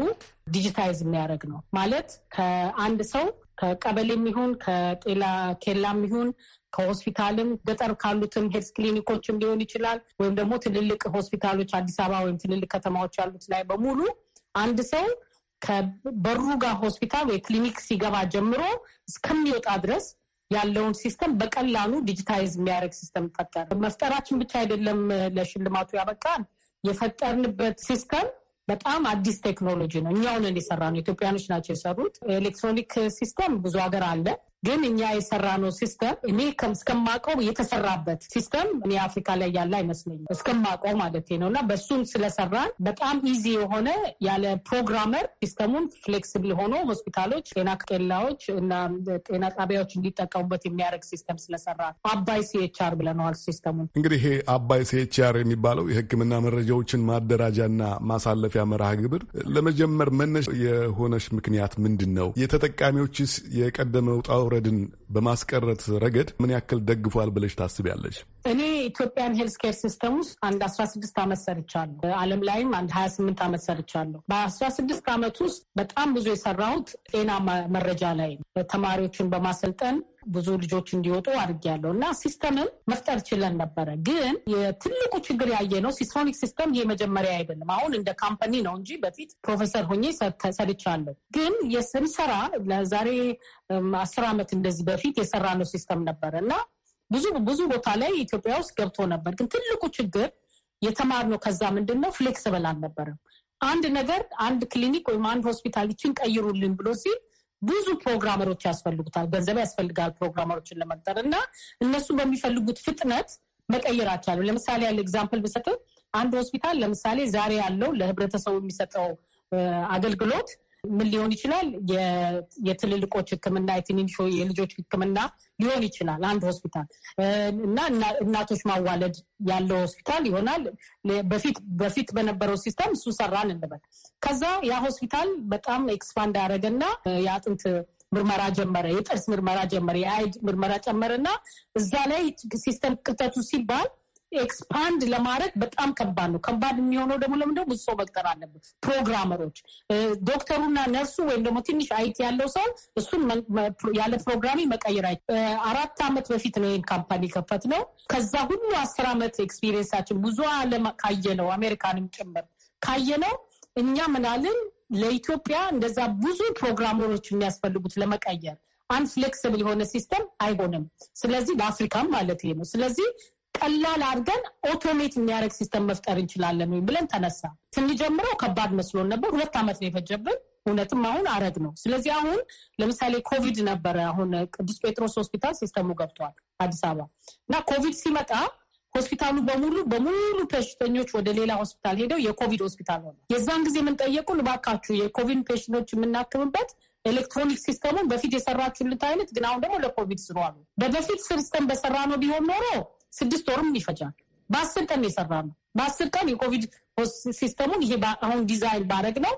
ዲጂታይዝ የሚያደርግ ነው ማለት ከአንድ ሰው ከቀበሌም ይሁን ከጤና ኬላም ይሁን ከሆስፒታልም ገጠር ካሉትም ሄልስ ክሊኒኮችም ሊሆን ይችላል። ወይም ደግሞ ትልልቅ ሆስፒታሎች አዲስ አበባ ወይም ትልልቅ ከተማዎች ያሉት ላይ በሙሉ አንድ ሰው ከበሩ ጋር ሆስፒታል ወይ ክሊኒክ ሲገባ ጀምሮ እስከሚወጣ ድረስ ያለውን ሲስተም በቀላሉ ዲጂታይዝ የሚያደርግ ሲስተም ፈጠረ። መፍጠራችን ብቻ አይደለም ለሽልማቱ ያበቃል። የፈጠርንበት ሲስተም በጣም አዲስ ቴክኖሎጂ ነው። እኛውን የሰራ ነው። ኢትዮጵያኖች ናቸው የሰሩት። ኤሌክትሮኒክ ሲስተም ብዙ ሀገር አለ። ግን እኛ የሰራ ነው ሲስተም እኔ እስከማውቀው የተሰራበት ሲስተም እኔ አፍሪካ ላይ ያለ አይመስለኝም እስከማውቀው ማለት ነው። እና በሱም ስለሰራን በጣም ኢዚ የሆነ ያለ ፕሮግራመር ሲስተሙን ፍሌክስብል ሆኖ ሆስፒታሎች፣ ጤና ኬላዎች እና ጤና ጣቢያዎች እንዲጠቀሙበት የሚያደርግ ሲስተም ስለሰራ አባይ ሲኤችአር ብለነዋል ሲስተሙን። እንግዲህ ይሄ አባይ ሲኤችአር የሚባለው የሕክምና መረጃዎችን ማደራጃና ማሳለፊያ መርሃ ግብር ለመጀመር መነሻ የሆነሽ ምክንያት ምንድን ነው? የተጠቃሚዎችስ የቀደመ ውጣ መውረድን በማስቀረት ረገድ ምን ያክል ደግፏል ብለሽ ታስቢያለሽ? እኔ ኢትዮጵያን ሄልስ ኬር ሲስተም ውስጥ አንድ አስራ ስድስት ዓመት ሰርቻለሁ። ዓለም ላይም አንድ ሀያ ስምንት ዓመት ሰርቻለሁ። በአስራ ስድስት ዓመት ውስጥ በጣም ብዙ የሰራሁት ጤና መረጃ ላይ ተማሪዎችን በማሰልጠን ብዙ ልጆች እንዲወጡ አድርጊያለሁ እና ሲስተምም መፍጠር ችለን ነበረ። ግን የትልቁ ችግር ያየ ነው ሲስፎኒክ ሲስተም የመጀመሪያ አይደለም። አሁን እንደ ካምፓኒ ነው እንጂ በፊት ፕሮፌሰር ሆኜ ሰርቻለሁ። ግን የስንሰራ ለዛሬ አስር ዓመት እንደዚህ በፊት የሰራ ነው ሲስተም ነበረ እና ብዙ ብዙ ቦታ ላይ ኢትዮጵያ ውስጥ ገብቶ ነበር። ግን ትልቁ ችግር የተማርነው ከዛ ምንድን ነው ፍሌክስብል አልነበረም። አንድ ነገር አንድ ክሊኒክ ወይም አንድ ሆስፒታል ይችን ቀይሩልን ብሎ ሲል ብዙ ፕሮግራመሮች ያስፈልጉታል። ገንዘብ ያስፈልጋል ፕሮግራመሮችን ለመቅጠር እና እነሱ በሚፈልጉት ፍጥነት መቀየር አቻሉ። ለምሳሌ ያለ ኤግዛምፕል ብሰጥ አንድ ሆስፒታል ለምሳሌ ዛሬ ያለው ለህብረተሰቡ የሚሰጠው አገልግሎት ምን ሊሆን ይችላል? የትልልቆች ሕክምና የትንንሾ የልጆች ሕክምና ሊሆን ይችላል አንድ ሆስፒታል እና እናቶች ማዋለድ ያለው ሆስፒታል ይሆናል። በፊት በፊት በነበረው ሲስተም እሱ ሰራን እንበል። ከዛ ያ ሆስፒታል በጣም ኤክስፓንድ ያደረገና የአጥንት ምርመራ ጀመረ፣ የጥርስ ምርመራ ጀመረ፣ የአይድ ምርመራ ጨመረ እና እዛ ላይ ሲስተም ቅጠቱ ሲባል ኤክስፓንድ ለማድረግ በጣም ከባድ ነው። ከባድ የሚሆነው ደግሞ ለምንደ ብዙ ሰው መቅጠር አለበት። ፕሮግራመሮች፣ ዶክተሩና ነርሱ ወይም ደግሞ ትንሽ አይቲ ያለው ሰው እሱን ያለ ፕሮግራሚ መቀየር አይ አራት ዓመት በፊት ነው ይህን ካምፓኒ ከፈት ነው። ከዛ ሁሉ አስር ዓመት ኤክስፒሪየንሳችን ብዙ ዓለም ካየነው አሜሪካንም ጭምር ካየነው እኛ ምናልን ለኢትዮጵያ እንደዛ ብዙ ፕሮግራመሮች የሚያስፈልጉት ለመቀየር አንድ ፍሌክስብል የሆነ ሲስተም አይሆንም። ስለዚህ ለአፍሪካም ማለት ነው። ስለዚህ ቀላል አድርገን ኦቶሜት የሚያደርግ ሲስተም መፍጠር እንችላለን ብለን ተነሳ። ስንጀምረው ከባድ መስሎን ነበር። ሁለት ዓመት ነው የፈጀብን። እውነትም አሁን አረግ ነው። ስለዚህ አሁን ለምሳሌ ኮቪድ ነበረ። አሁን ቅዱስ ጴጥሮስ ሆስፒታል ሲስተሙ ገብቷል አዲስ አበባ እና ኮቪድ ሲመጣ ሆስፒታሉ በሙሉ በሙሉ በሽተኞች ወደ ሌላ ሆስፒታል ሄደው የኮቪድ ሆስፒታል ሆነ። የዛን ጊዜ የምንጠየቁ እባካችሁ የኮቪድ ፔሽኖች የምናክምበት ኤሌክትሮኒክ ሲስተሙን በፊት የሰራችሁልት አይነት ግን አሁን ደግሞ ለኮቪድ ስሩ አሉ። በበፊት ሲስተም በሰራ ነው ቢሆን ኖሮ ስድስት ወርም ይፈጃል። በአስር ቀን የሰራ ነው። በአስር ቀን የኮቪድ ሲስተሙን ይሄ አሁን ዲዛይን ባረግ ነው።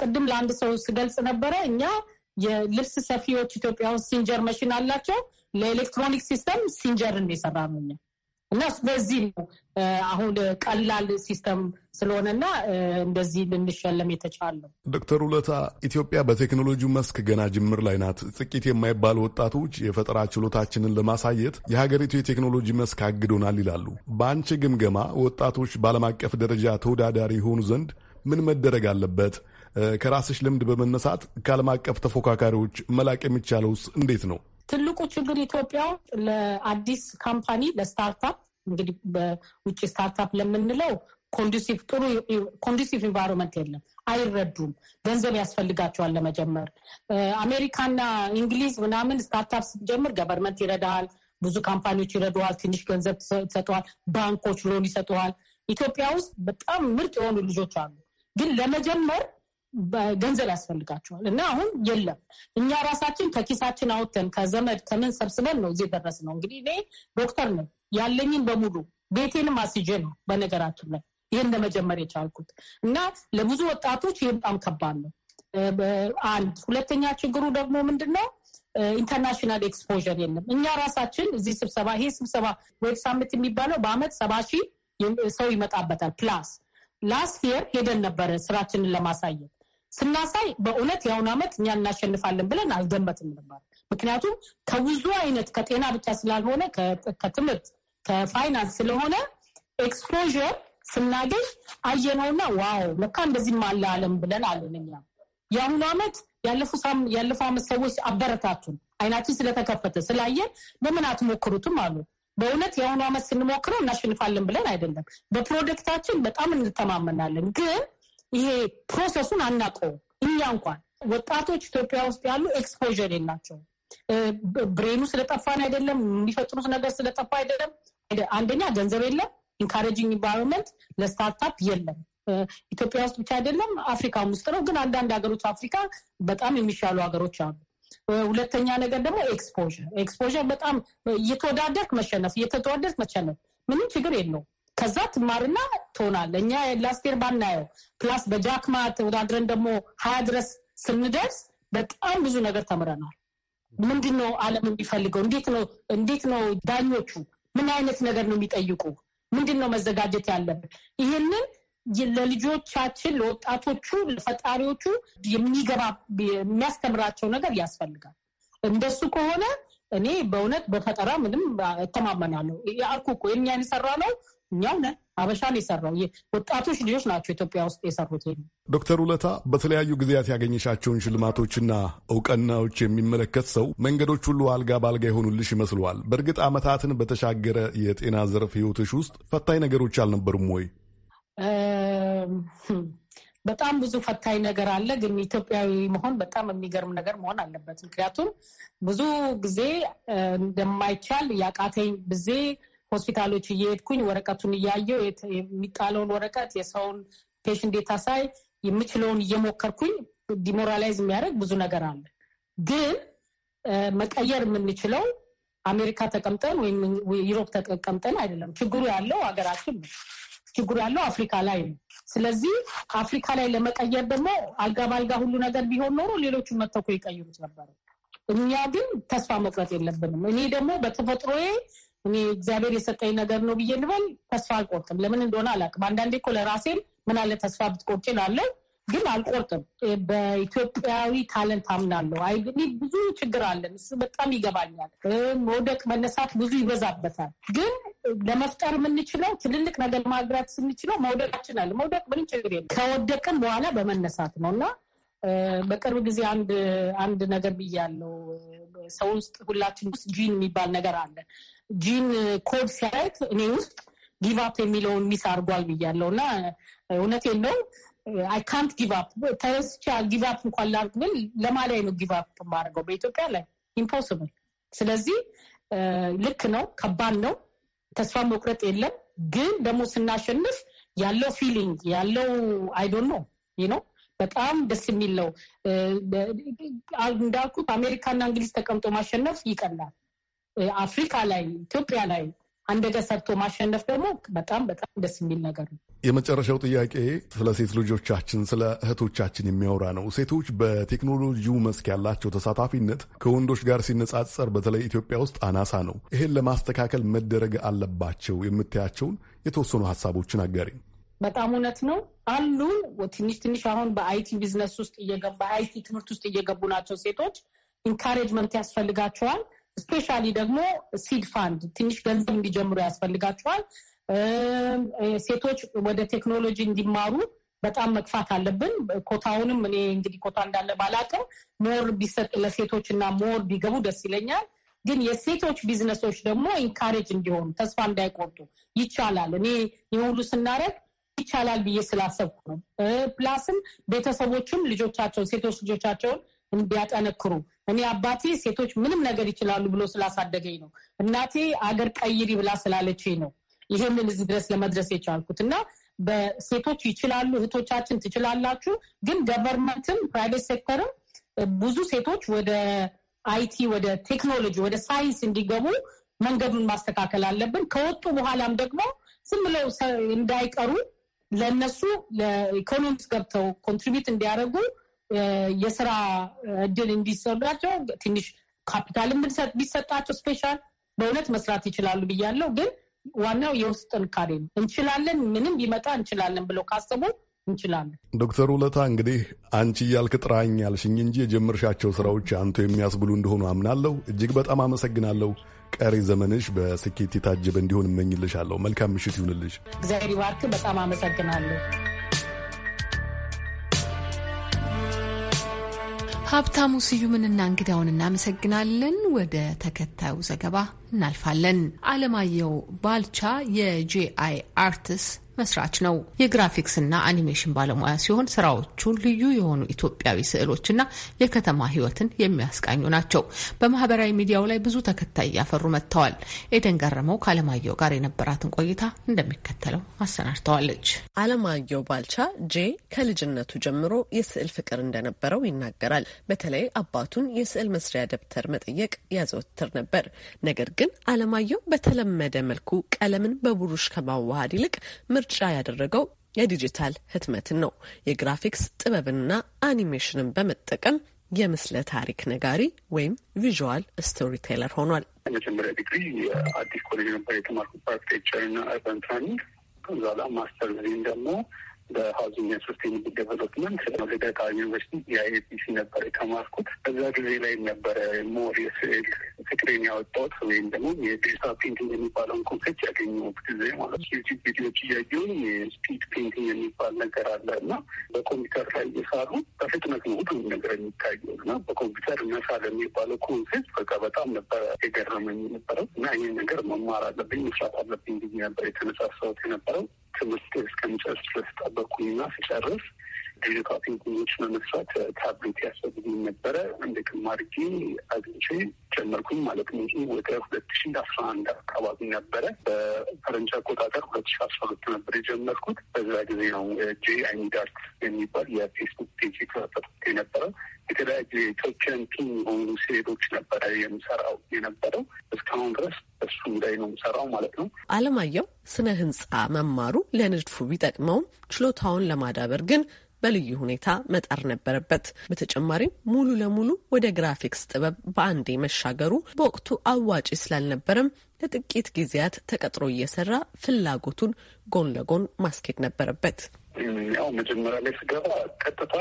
ቅድም ለአንድ ሰው ስገልጽ ነበረ። እኛ የልብስ ሰፊዎች ኢትዮጵያ ውስጥ ሲንጀር መሽን አላቸው። ለኤሌክትሮኒክ ሲስተም ሲንጀርን የሰራ ነው እኛ እና በዚህ ነው አሁን ቀላል ሲስተም ስለሆነና እንደዚህ ልንሸለም የተቻለው። ዶክተር ውለታ ኢትዮጵያ በቴክኖሎጂ መስክ ገና ጅምር ላይ ናት። ጥቂት የማይባሉ ወጣቶች የፈጠራ ችሎታችንን ለማሳየት የሀገሪቱ የቴክኖሎጂ መስክ አግዶናል ይላሉ። በአንቺ ግምገማ ወጣቶች በዓለም አቀፍ ደረጃ ተወዳዳሪ የሆኑ ዘንድ ምን መደረግ አለበት? ከራስሽ ልምድ በመነሳት ከዓለም አቀፍ ተፎካካሪዎች መላቅ የሚቻለውስ እንዴት ነው? ትልቁ ችግር ኢትዮጵያ ለአዲስ ካምፓኒ ለስታርታፕ እንግዲህ በውጭ ስታርታፕ ለምንለው ኮንዱሲቭ ጥሩ ኮንዱሲቭ ኢንቫይሮንመንት የለም። አይረዱም። ገንዘብ ያስፈልጋቸዋል ለመጀመር። አሜሪካና እንግሊዝ ምናምን ስታርታፕ ስትጀምር ገቨርንመንት ይረዳሃል፣ ብዙ ካምፓኒዎች ይረዱሃል፣ ትንሽ ገንዘብ ይሰጠዋል፣ ባንኮች ሎን ይሰጠዋል። ኢትዮጵያ ውስጥ በጣም ምርጥ የሆኑ ልጆች አሉ፣ ግን ለመጀመር ገንዘብ ያስፈልጋቸዋል እና አሁን የለም። እኛ ራሳችን ከኪሳችን አውጥተን ከዘመድ ከምን ሰብስበን ነው እዚህ ደረስ ነው። እንግዲህ እኔ ዶክተር ነኝ ያለኝን በሙሉ ቤቴንም አስይዤ ነው በነገራችን ላይ ይህን ለመጀመር የቻልኩት እና ለብዙ ወጣቶች ይህ በጣም ከባድ ነው። አንድ ሁለተኛ ችግሩ ደግሞ ምንድን ነው? ኢንተርናሽናል ኤክስፖዠር የለም። እኛ ራሳችን እዚህ ስብሰባ ይሄ ስብሰባ ወይ ሳምንት የሚባለው በአመት ሰባ ሺህ ሰው ይመጣበታል ፕላስ ላስት የር ሄደን ነበረ ስራችንን ለማሳየት ስናሳይ በእውነት የአሁን ዓመት እኛ እናሸንፋለን ብለን አልገመትም ነበር። ምክንያቱም ከብዙ አይነት ከጤና ብቻ ስላልሆነ ከትምህርት፣ ከፋይናንስ ስለሆነ ኤክስፖዥር ስናገኝ አየነውና ዋው ለካ እንደዚህም አለ ብለን አለን። እኛ የአሁኑ ዓመት ያለፉ ዓመት ሰዎች አበረታቱን አይናችን ስለተከፈተ ስላየን ለምን አትሞክሩትም አሉ። በእውነት የአሁኑ ዓመት ስንሞክረው እናሸንፋለን ብለን አይደለም፣ በፕሮደክታችን በጣም እንተማመናለን ግን ይሄ ፕሮሰሱን አናውቀውም። እኛ እንኳን ወጣቶች ኢትዮጵያ ውስጥ ያሉ ኤክስፖዥር የላቸው ብሬኑ ስለጠፋን አይደለም፣ የሚፈጥሩት ነገር ስለጠፋ አይደለም። አንደኛ ገንዘብ የለም፣ ኢንካሬጂንግ ኢንቫይሮንመንት ለስታርታፕ የለም። ኢትዮጵያ ውስጥ ብቻ አይደለም፣ አፍሪካም ውስጥ ነው። ግን አንዳንድ ሀገሮች አፍሪካ በጣም የሚሻሉ ሀገሮች አሉ። ሁለተኛ ነገር ደግሞ ኤክስፖር ኤክስፖር በጣም እየተወዳደርክ መሸነፍ እየተወዳደርክ መሸነፍ ምንም ችግር የለውም። ከዛ ትማርና ትሆናል። እኛ ላስቴር ባናየው ፕላስ በጃክማ ተወዳድረን ደግሞ ሀያ ድረስ ስንደርስ በጣም ብዙ ነገር ተምረናል። ምንድን ነው ዓለም የሚፈልገው? እንዴት ነው እንዴት ነው ዳኞቹ ምን አይነት ነገር ነው የሚጠይቁ? ምንድን ነው መዘጋጀት ያለብን? ይህንን ለልጆቻችን፣ ለወጣቶቹ፣ ለፈጣሪዎቹ የሚገባ የሚያስተምራቸው ነገር ያስፈልጋል። እንደሱ ከሆነ እኔ በእውነት በፈጠራ ምንም እተማመናለሁ። የአልኩ እኮ የእኛን እኛው ነን አበሻን የሰራው ወጣቶች ልጆች ናቸው ኢትዮጵያ ውስጥ የሰሩት። ዶክተር ውለታ በተለያዩ ጊዜያት ያገኘሻቸውን ሽልማቶችና እውቅናዎች የሚመለከት ሰው መንገዶች ሁሉ አልጋ በአልጋ የሆኑልሽ ይመስለዋል። በእርግጥ ዓመታትን በተሻገረ የጤና ዘርፍ ሕይወትሽ ውስጥ ፈታኝ ነገሮች አልነበሩም ወይ? Hm፣ በጣም ብዙ ፈታኝ ነገር አለ። ግን ኢትዮጵያዊ መሆን በጣም የሚገርም ነገር መሆን አለበት። ምክንያቱም ብዙ ጊዜ እንደማይቻል ያቃተኝ ብዜ ሆስፒታሎች እየሄድኩኝ ወረቀቱን እያየው የሚጣለውን ወረቀት የሰውን ፔሽን ዴታ ሳይ የምችለውን እየሞከርኩኝ ዲሞራላይዝ የሚያደርግ ብዙ ነገር አለ። ግን መቀየር የምንችለው አሜሪካ ተቀምጠን ወይም ዩሮፕ ተቀምጠን አይደለም። ችግሩ ያለው ሀገራችን ነው። ችግሩ ያለው አፍሪካ ላይ ነው። ስለዚህ አፍሪካ ላይ ለመቀየር ደግሞ አልጋ በአልጋ ሁሉ ነገር ቢሆን ኖሮ ሌሎቹ መተኮ ይቀይሩት ነበር። እኛ ግን ተስፋ መቁረጥ የለብንም። እኔ ደግሞ በተፈጥሮዬ እኔ እግዚአብሔር የሰጠኝ ነገር ነው ብዬ እንበል ተስፋ አልቆርጥም። ለምን እንደሆነ አላውቅም። አንዳንዴ እኮ ለራሴም ምን አለ ተስፋ ብትቆርጭ እላለሁ፣ ግን አልቆርጥም። በኢትዮጵያዊ ታለንት አምናለሁ። አይ ብዙ ችግር አለን፣ እሱ በጣም ይገባኛል። መውደቅ መነሳት ብዙ ይበዛበታል። ግን ለመፍጠር የምንችለው ትልልቅ ነገር ማግራት ስንችለው መውደቃችን አለ። መውደቅ ምንም ችግር የለም። ከወደቅን በኋላ በመነሳት ነው እና በቅርብ ጊዜ አንድ አንድ ነገር ብያለሁ ሰው ውስጥ ሁላችን ውስጥ ጂን የሚባል ነገር አለ። ጂን ኮድ ሲያየት እኔ ውስጥ ጊቫፕ የሚለውን ሚስ አድርጓል ብያለው እና እውነቴን ነው አይ ካንት ጊቫፕ ተረስቻ ጊቫፕ እንኳን ላርግ ብል ለማላይ ነው ጊቫፕ የማደርገው በኢትዮጵያ ላይ ኢምፖስብል። ስለዚህ ልክ ነው፣ ከባድ ነው፣ ተስፋ መቁረጥ የለም ግን ደግሞ ስናሸንፍ ያለው ፊሊንግ ያለው አይዶን ነው ነው በጣም ደስ የሚል ነው። እንዳልኩ አሜሪካና እንግሊዝ ተቀምጦ ማሸነፍ ይቀላል። አፍሪካ ላይ ኢትዮጵያ ላይ አንድ ሰርቶ ማሸነፍ ደግሞ በጣም በጣም ደስ የሚል ነገር ነው። የመጨረሻው ጥያቄ ስለ ሴት ልጆቻችን፣ ስለ እህቶቻችን የሚያወራ ነው። ሴቶች በቴክኖሎጂው መስክ ያላቸው ተሳታፊነት ከወንዶች ጋር ሲነጻጸር በተለይ ኢትዮጵያ ውስጥ አናሳ ነው። ይህን ለማስተካከል መደረግ አለባቸው የምታያቸውን የተወሰኑ ሀሳቦችን አጋሪኝ። በጣም እውነት ነው አሉ። ትንሽ ትንሽ አሁን በአይቲ ቢዝነስ ውስጥ በአይቲ ትምህርት ውስጥ እየገቡ ናቸው ሴቶች። ኢንካሬጅመንት ያስፈልጋቸዋል። ስፔሻሊ ደግሞ ሲድ ፋንድ ትንሽ ገንዘብ እንዲጀምሩ ያስፈልጋቸዋል። ሴቶች ወደ ቴክኖሎጂ እንዲማሩ በጣም መግፋት አለብን። ኮታውንም እኔ እንግዲህ ኮታ እንዳለ ባላውቅም ሞር ቢሰጥ ለሴቶች እና ሞር ቢገቡ ደስ ይለኛል። ግን የሴቶች ቢዝነሶች ደግሞ ኢንካሬጅ እንዲሆኑ ተስፋ እንዳይቆርጡ ይቻላል። እኔ የሁሉ ስናደርግ ይቻላል ብዬ ስላሰብኩ ነው። ፕላስም ቤተሰቦችም ልጆቻቸው ሴቶች ልጆቻቸውን እንዲያጠነክሩ እኔ አባቴ ሴቶች ምንም ነገር ይችላሉ ብሎ ስላሳደገኝ ነው። እናቴ አገር ቀይሪ ብላ ስላለችኝ ነው ይህንን እዚህ ድረስ ለመድረስ የቻልኩት እና በሴቶች ይችላሉ፣ እህቶቻችን ትችላላችሁ። ግን ገቨርንመንትም ፕራይቬት ሴክተርም ብዙ ሴቶች ወደ አይቲ፣ ወደ ቴክኖሎጂ፣ ወደ ሳይንስ እንዲገቡ መንገዱን ማስተካከል አለብን። ከወጡ በኋላም ደግሞ ዝም ብለው እንዳይቀሩ ለእነሱ ለኢኮኖሚስ ገብተው ኮንትሪቢዩት እንዲያደርጉ የስራ እድል እንዲሰጣቸው ትንሽ ካፒታልም ቢሰጣቸው ስፔሻል በእውነት መስራት ይችላሉ ብያለው። ግን ዋናው የውስጥ ጥንካሬ ነው። እንችላለን፣ ምንም ቢመጣ እንችላለን ብለው ካሰቡ እንችላለን። ዶክተር ውለታ እንግዲህ አንቺ እያልክ ጥራኝ አልሽኝ እንጂ የጀመርሻቸው ስራዎች አንቱ የሚያስብሉ እንደሆኑ አምናለሁ። እጅግ በጣም አመሰግናለሁ። ቀሪ ዘመንሽ በስኬት የታጀበ እንዲሆን እመኝልሻለሁ። መልካም ምሽት ይሁንልሽ። እግዚአብሔር ይባርክ። በጣም አመሰግናለሁ። ሀብታሙ ስዩምንና እንግዳውን እናመሰግናለን። ወደ ተከታዩ ዘገባ እናልፋለን። አለማየሁ ባልቻ የጄአይ አርትስ መስራች ነው። የግራፊክስና አኒሜሽን ባለሙያ ሲሆን ስራዎቹ ልዩ የሆኑ ኢትዮጵያዊ ስዕሎችና የከተማ ህይወትን የሚያስቃኙ ናቸው። በማህበራዊ ሚዲያው ላይ ብዙ ተከታይ እያፈሩ መጥተዋል። ኤደን ገረመው ከአለማየሁ ጋር የነበራትን ቆይታ እንደሚከተለው አሰናድተዋለች። አለማየሁ ባልቻ ጄ ከልጅነቱ ጀምሮ የስዕል ፍቅር እንደነበረው ይናገራል። በተለይ አባቱን የስዕል መስሪያ ደብተር መጠየቅ ያዘወትር ነበር። ነገር ግን አለማየሁ በተለመደ መልኩ ቀለምን በቡሩሽ ከማዋሃድ ይልቅ ምርጫ ያደረገው የዲጂታል ህትመትን ነው። የግራፊክስ ጥበብንና አኒሜሽንን በመጠቀም የምስለ ታሪክ ነጋሪ ወይም ቪዥዋል ስቶሪ ቴለር ሆኗል። መጀመሪያ ዲግሪ አዲስ ኮሌጅ ነበር የተማርኩት አርክቴክቸር እና አርባን ፕላኒንግ። ከዛ ማስተር ዲግሪ ደግሞ በሀውዚንግ እና ሰስቴይናብል ዴቨሎፕመንት ልደታ ዩኒቨርሲቲ የአይኤፒሲ ነበር የተማርኩት። በዛ ጊዜ ላይ ነበረ ሞር የስዕል ፍቅሬን ያወጣሁት ወይም ደግሞ የዴሳ ፔንቲንግ የሚባለውን ኮንሴፕት ያገኘሁት ጊዜ ማለት ዩቲዩብ ቪዲዮች እያየሁኝ የስፒድ ፔንቲንግ የሚባል ነገር አለ እና በኮምፒውተር ላይ እየሳሉ በፍጥነት ነው ሁሉም ነገር የሚታየው እና በኮምፒውተር መሳል የሚባለው ኮንሴፕት በቃ በጣም ነበረ የገረመኝ የነበረው እና ይህን ነገር መማር አለብኝ መስራት አለብኝ ጊዜ ነበር የተነሳሳሁት የነበረው ትምህርት እስከምጨርስ ድረስ ጠበቅኩኝና ስጨርስ ዲጂታል ቴክኖሎጂ ለመስራት ታብሌት ያስፈልግኝ ነበረ። እንደ ክማርጊ አግኝቼ ጀመርኩኝ ማለት ነው። ይህ ወደ ሁለት ሺ አስራ አንድ አካባቢ ነበረ። በፈረንጅ አቆጣጠር ሁለት ሺ አስራ ሁለት ነበር የጀመርኩት። በዛ ጊዜ ነው ጄ አይኒዳርት የሚባል የፌስቡክ ፔጅ የተፈጠርኩት የነበረው። የተለያዩ የኢትዮጵያን ቲም የሆኑ ሴቶች ነበረ የምሰራው የነበረው እስካሁን ድረስ እሱም ላይ ነው የምሰራው ማለት ነው። አለማየሁ ስነ ህንጻ መማሩ ለንድፉ ቢጠቅመውም ችሎታውን ለማዳበር ግን በልዩ ሁኔታ መጣር ነበረበት። በተጨማሪም ሙሉ ለሙሉ ወደ ግራፊክስ ጥበብ በአንዴ መሻገሩ በወቅቱ አዋጪ ስላልነበረም ለጥቂት ጊዜያት ተቀጥሮ እየሰራ ፍላጎቱን ጎን ለጎን ማስኬድ ነበረበት። ያው መጀመሪያ ላይ ስገባ ቀጥታ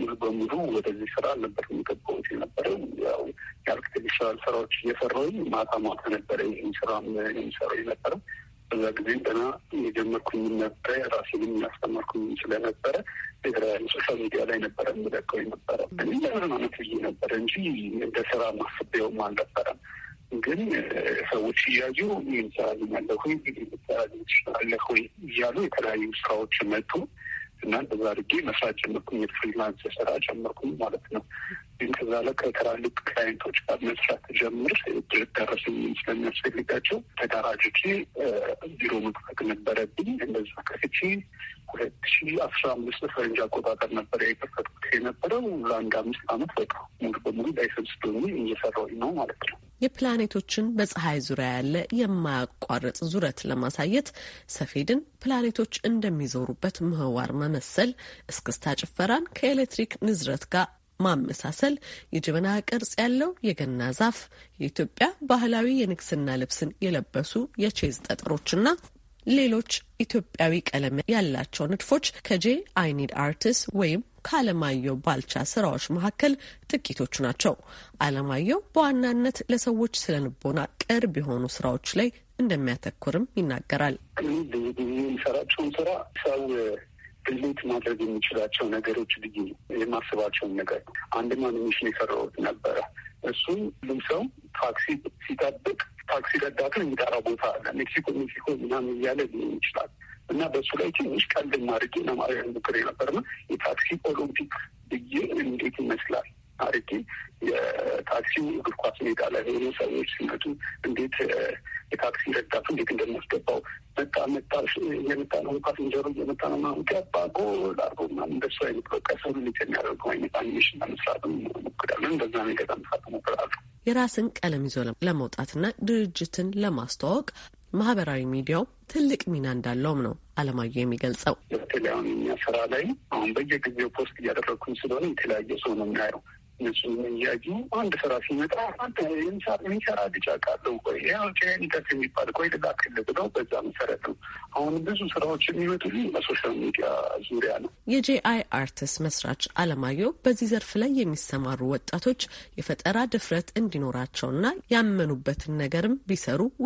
ሙሉ በሙሉ ወደዚህ ስራ አልነበር የሚገባውት የነበረው ያው የአርክቴክቸራል ስራዎች እየሰራሁኝ ማታ ማታ ነበረ ይህም ስራ የሚሰራው የነበረው በዛ ጊዜ ጠና የጀመርኩኝ ነበረ ራሴንም የሚያስተማርኩኝ ስለነበረ የተለያዩ ሶሻል ሚዲያ ላይ ነበረ የምለቀው ነበረ። እኔ ለመዝናናት ብዬ ነበረ እንጂ እንደ ስራ ማስቤውም አልነበረም። ግን ሰዎች እያዩ ምን ሰራልኛለሁ ወይ ምን ሰራልኝ እያሉ የተለያዩ ስራዎች መጡ። እና እንደዛ አድርጌ መስራት ጀመርኩኝ። የፍሪላንስ የስራ ጀመርኩኝ ማለት ነው። ግን ከዛ ላይ ከትላልቅ ክላይንቶች ጋር መስራት ጀምር ደረሰኝ ስለሚያስፈልጋቸው ተደራጅቼ ቢሮ መክፈት ነበረብኝ። እንደዛ ከፍቼ ሁለት ሺ አስራ አምስት ፈረንጅ አቆጣጠር ነበር የከፈት ወደው ለአንድ አምስት አመት በቃ ሙሉ በሙሉ ላይሰንስ በሙሉ እየሰራው ነው ማለት ነው። የፕላኔቶችን በፀሐይ ዙሪያ ያለ የማያቋርጥ ዙረት ለማሳየት ሰፌድን ፕላኔቶች እንደሚዞሩበት ምህዋር መመሰል፣ እስክስታ ጭፈራን ከኤሌክትሪክ ንዝረት ጋር ማመሳሰል፣ የጀበና ቅርጽ ያለው የገና ዛፍ፣ የኢትዮጵያ ባህላዊ የንግስና ልብስን የለበሱ የቼዝ ጠጠሮችና ሌሎች ኢትዮጵያዊ ቀለም ያላቸው ንድፎች ከጄ አይኒድ አርትስ ወይም ከአለማየሁ ባልቻ ስራዎች መካከል ጥቂቶቹ ናቸው። አለማየሁ በዋናነት ለሰዎች ስነ ልቦና ቅርብ የሆኑ ስራዎች ላይ እንደሚያተኩርም ይናገራል። ብዙ ጊዜ የሚሰራቸውን ስራ ሰው ሪሌት ማድረግ የሚችላቸው ነገሮች ብዬ የማስባቸውን ነገር አንድም አንድ ሚሽን የሰራሁት ነበረ። እሱም ሁሉም ሰው ታክሲ ሲጠብቅ ታክሲ ረዳትን የሚጠራ ቦታ አለ። ሜክሲኮ ሜክሲኮ ምናምን እያለ ሊሆን ይችላል እና በእሱ ላይ ትንሽ ቀልድ ማድረጌ ለማርያ ሞክሬ ነበርና የታክሲ ኦሎምፒክ ብዬ እንዴት ይመስላል አርጌ የታክሲ እግር ኳስ ሜዳ ላይ ሆኑ ሰዎች ሲመጡ እንዴት የታክሲ ረዳቱ እንዴት እንደሚያስገባው መጣ መጣ የመጣ ነው ኳስ እንጀሮ እየመጣ ነው ማ ባጎ ጎል አርጎ ማ እንደሱ አይነት በቃ ሰው ልጅ የሚያደርገው አይነት አኒሜሽን ለመስራት ሞክዳለን። በዛ ነገር መስራት ሞክራሉ። የራስን ቀለም ይዞ ለመውጣትና ድርጅትን ለማስተዋወቅ ማህበራዊ ሚዲያው ትልቅ ሚና እንዳለውም ነው አለማየሁ የሚገልጸው። በተለይ አሁን ስራ ላይ አሁን በየጊዜው ፖስት እያደረግኩኝ ስለሆነ የተለያየ ሰው ነው የሚያየው እነሱም እያዩ አንድ ስራ ሲመጣ የሚሰራ ልጅ አውቃለሁ፣ ቆይ ቴኒተክ የሚባል ቆይ ልላክልህ ነው። በዛ መሰረት ነው አሁን ብዙ ስራዎች የሚመጡልኝ በሶሻል ሚዲያ ዙሪያ ነው። የጄ አይ አርትስ መስራች አለማየሁ በዚህ ዘርፍ ላይ የሚሰማሩ ወጣቶች የፈጠራ ድፍረት እንዲኖራቸውና ያመኑበትን ነገርም ቢሰሩ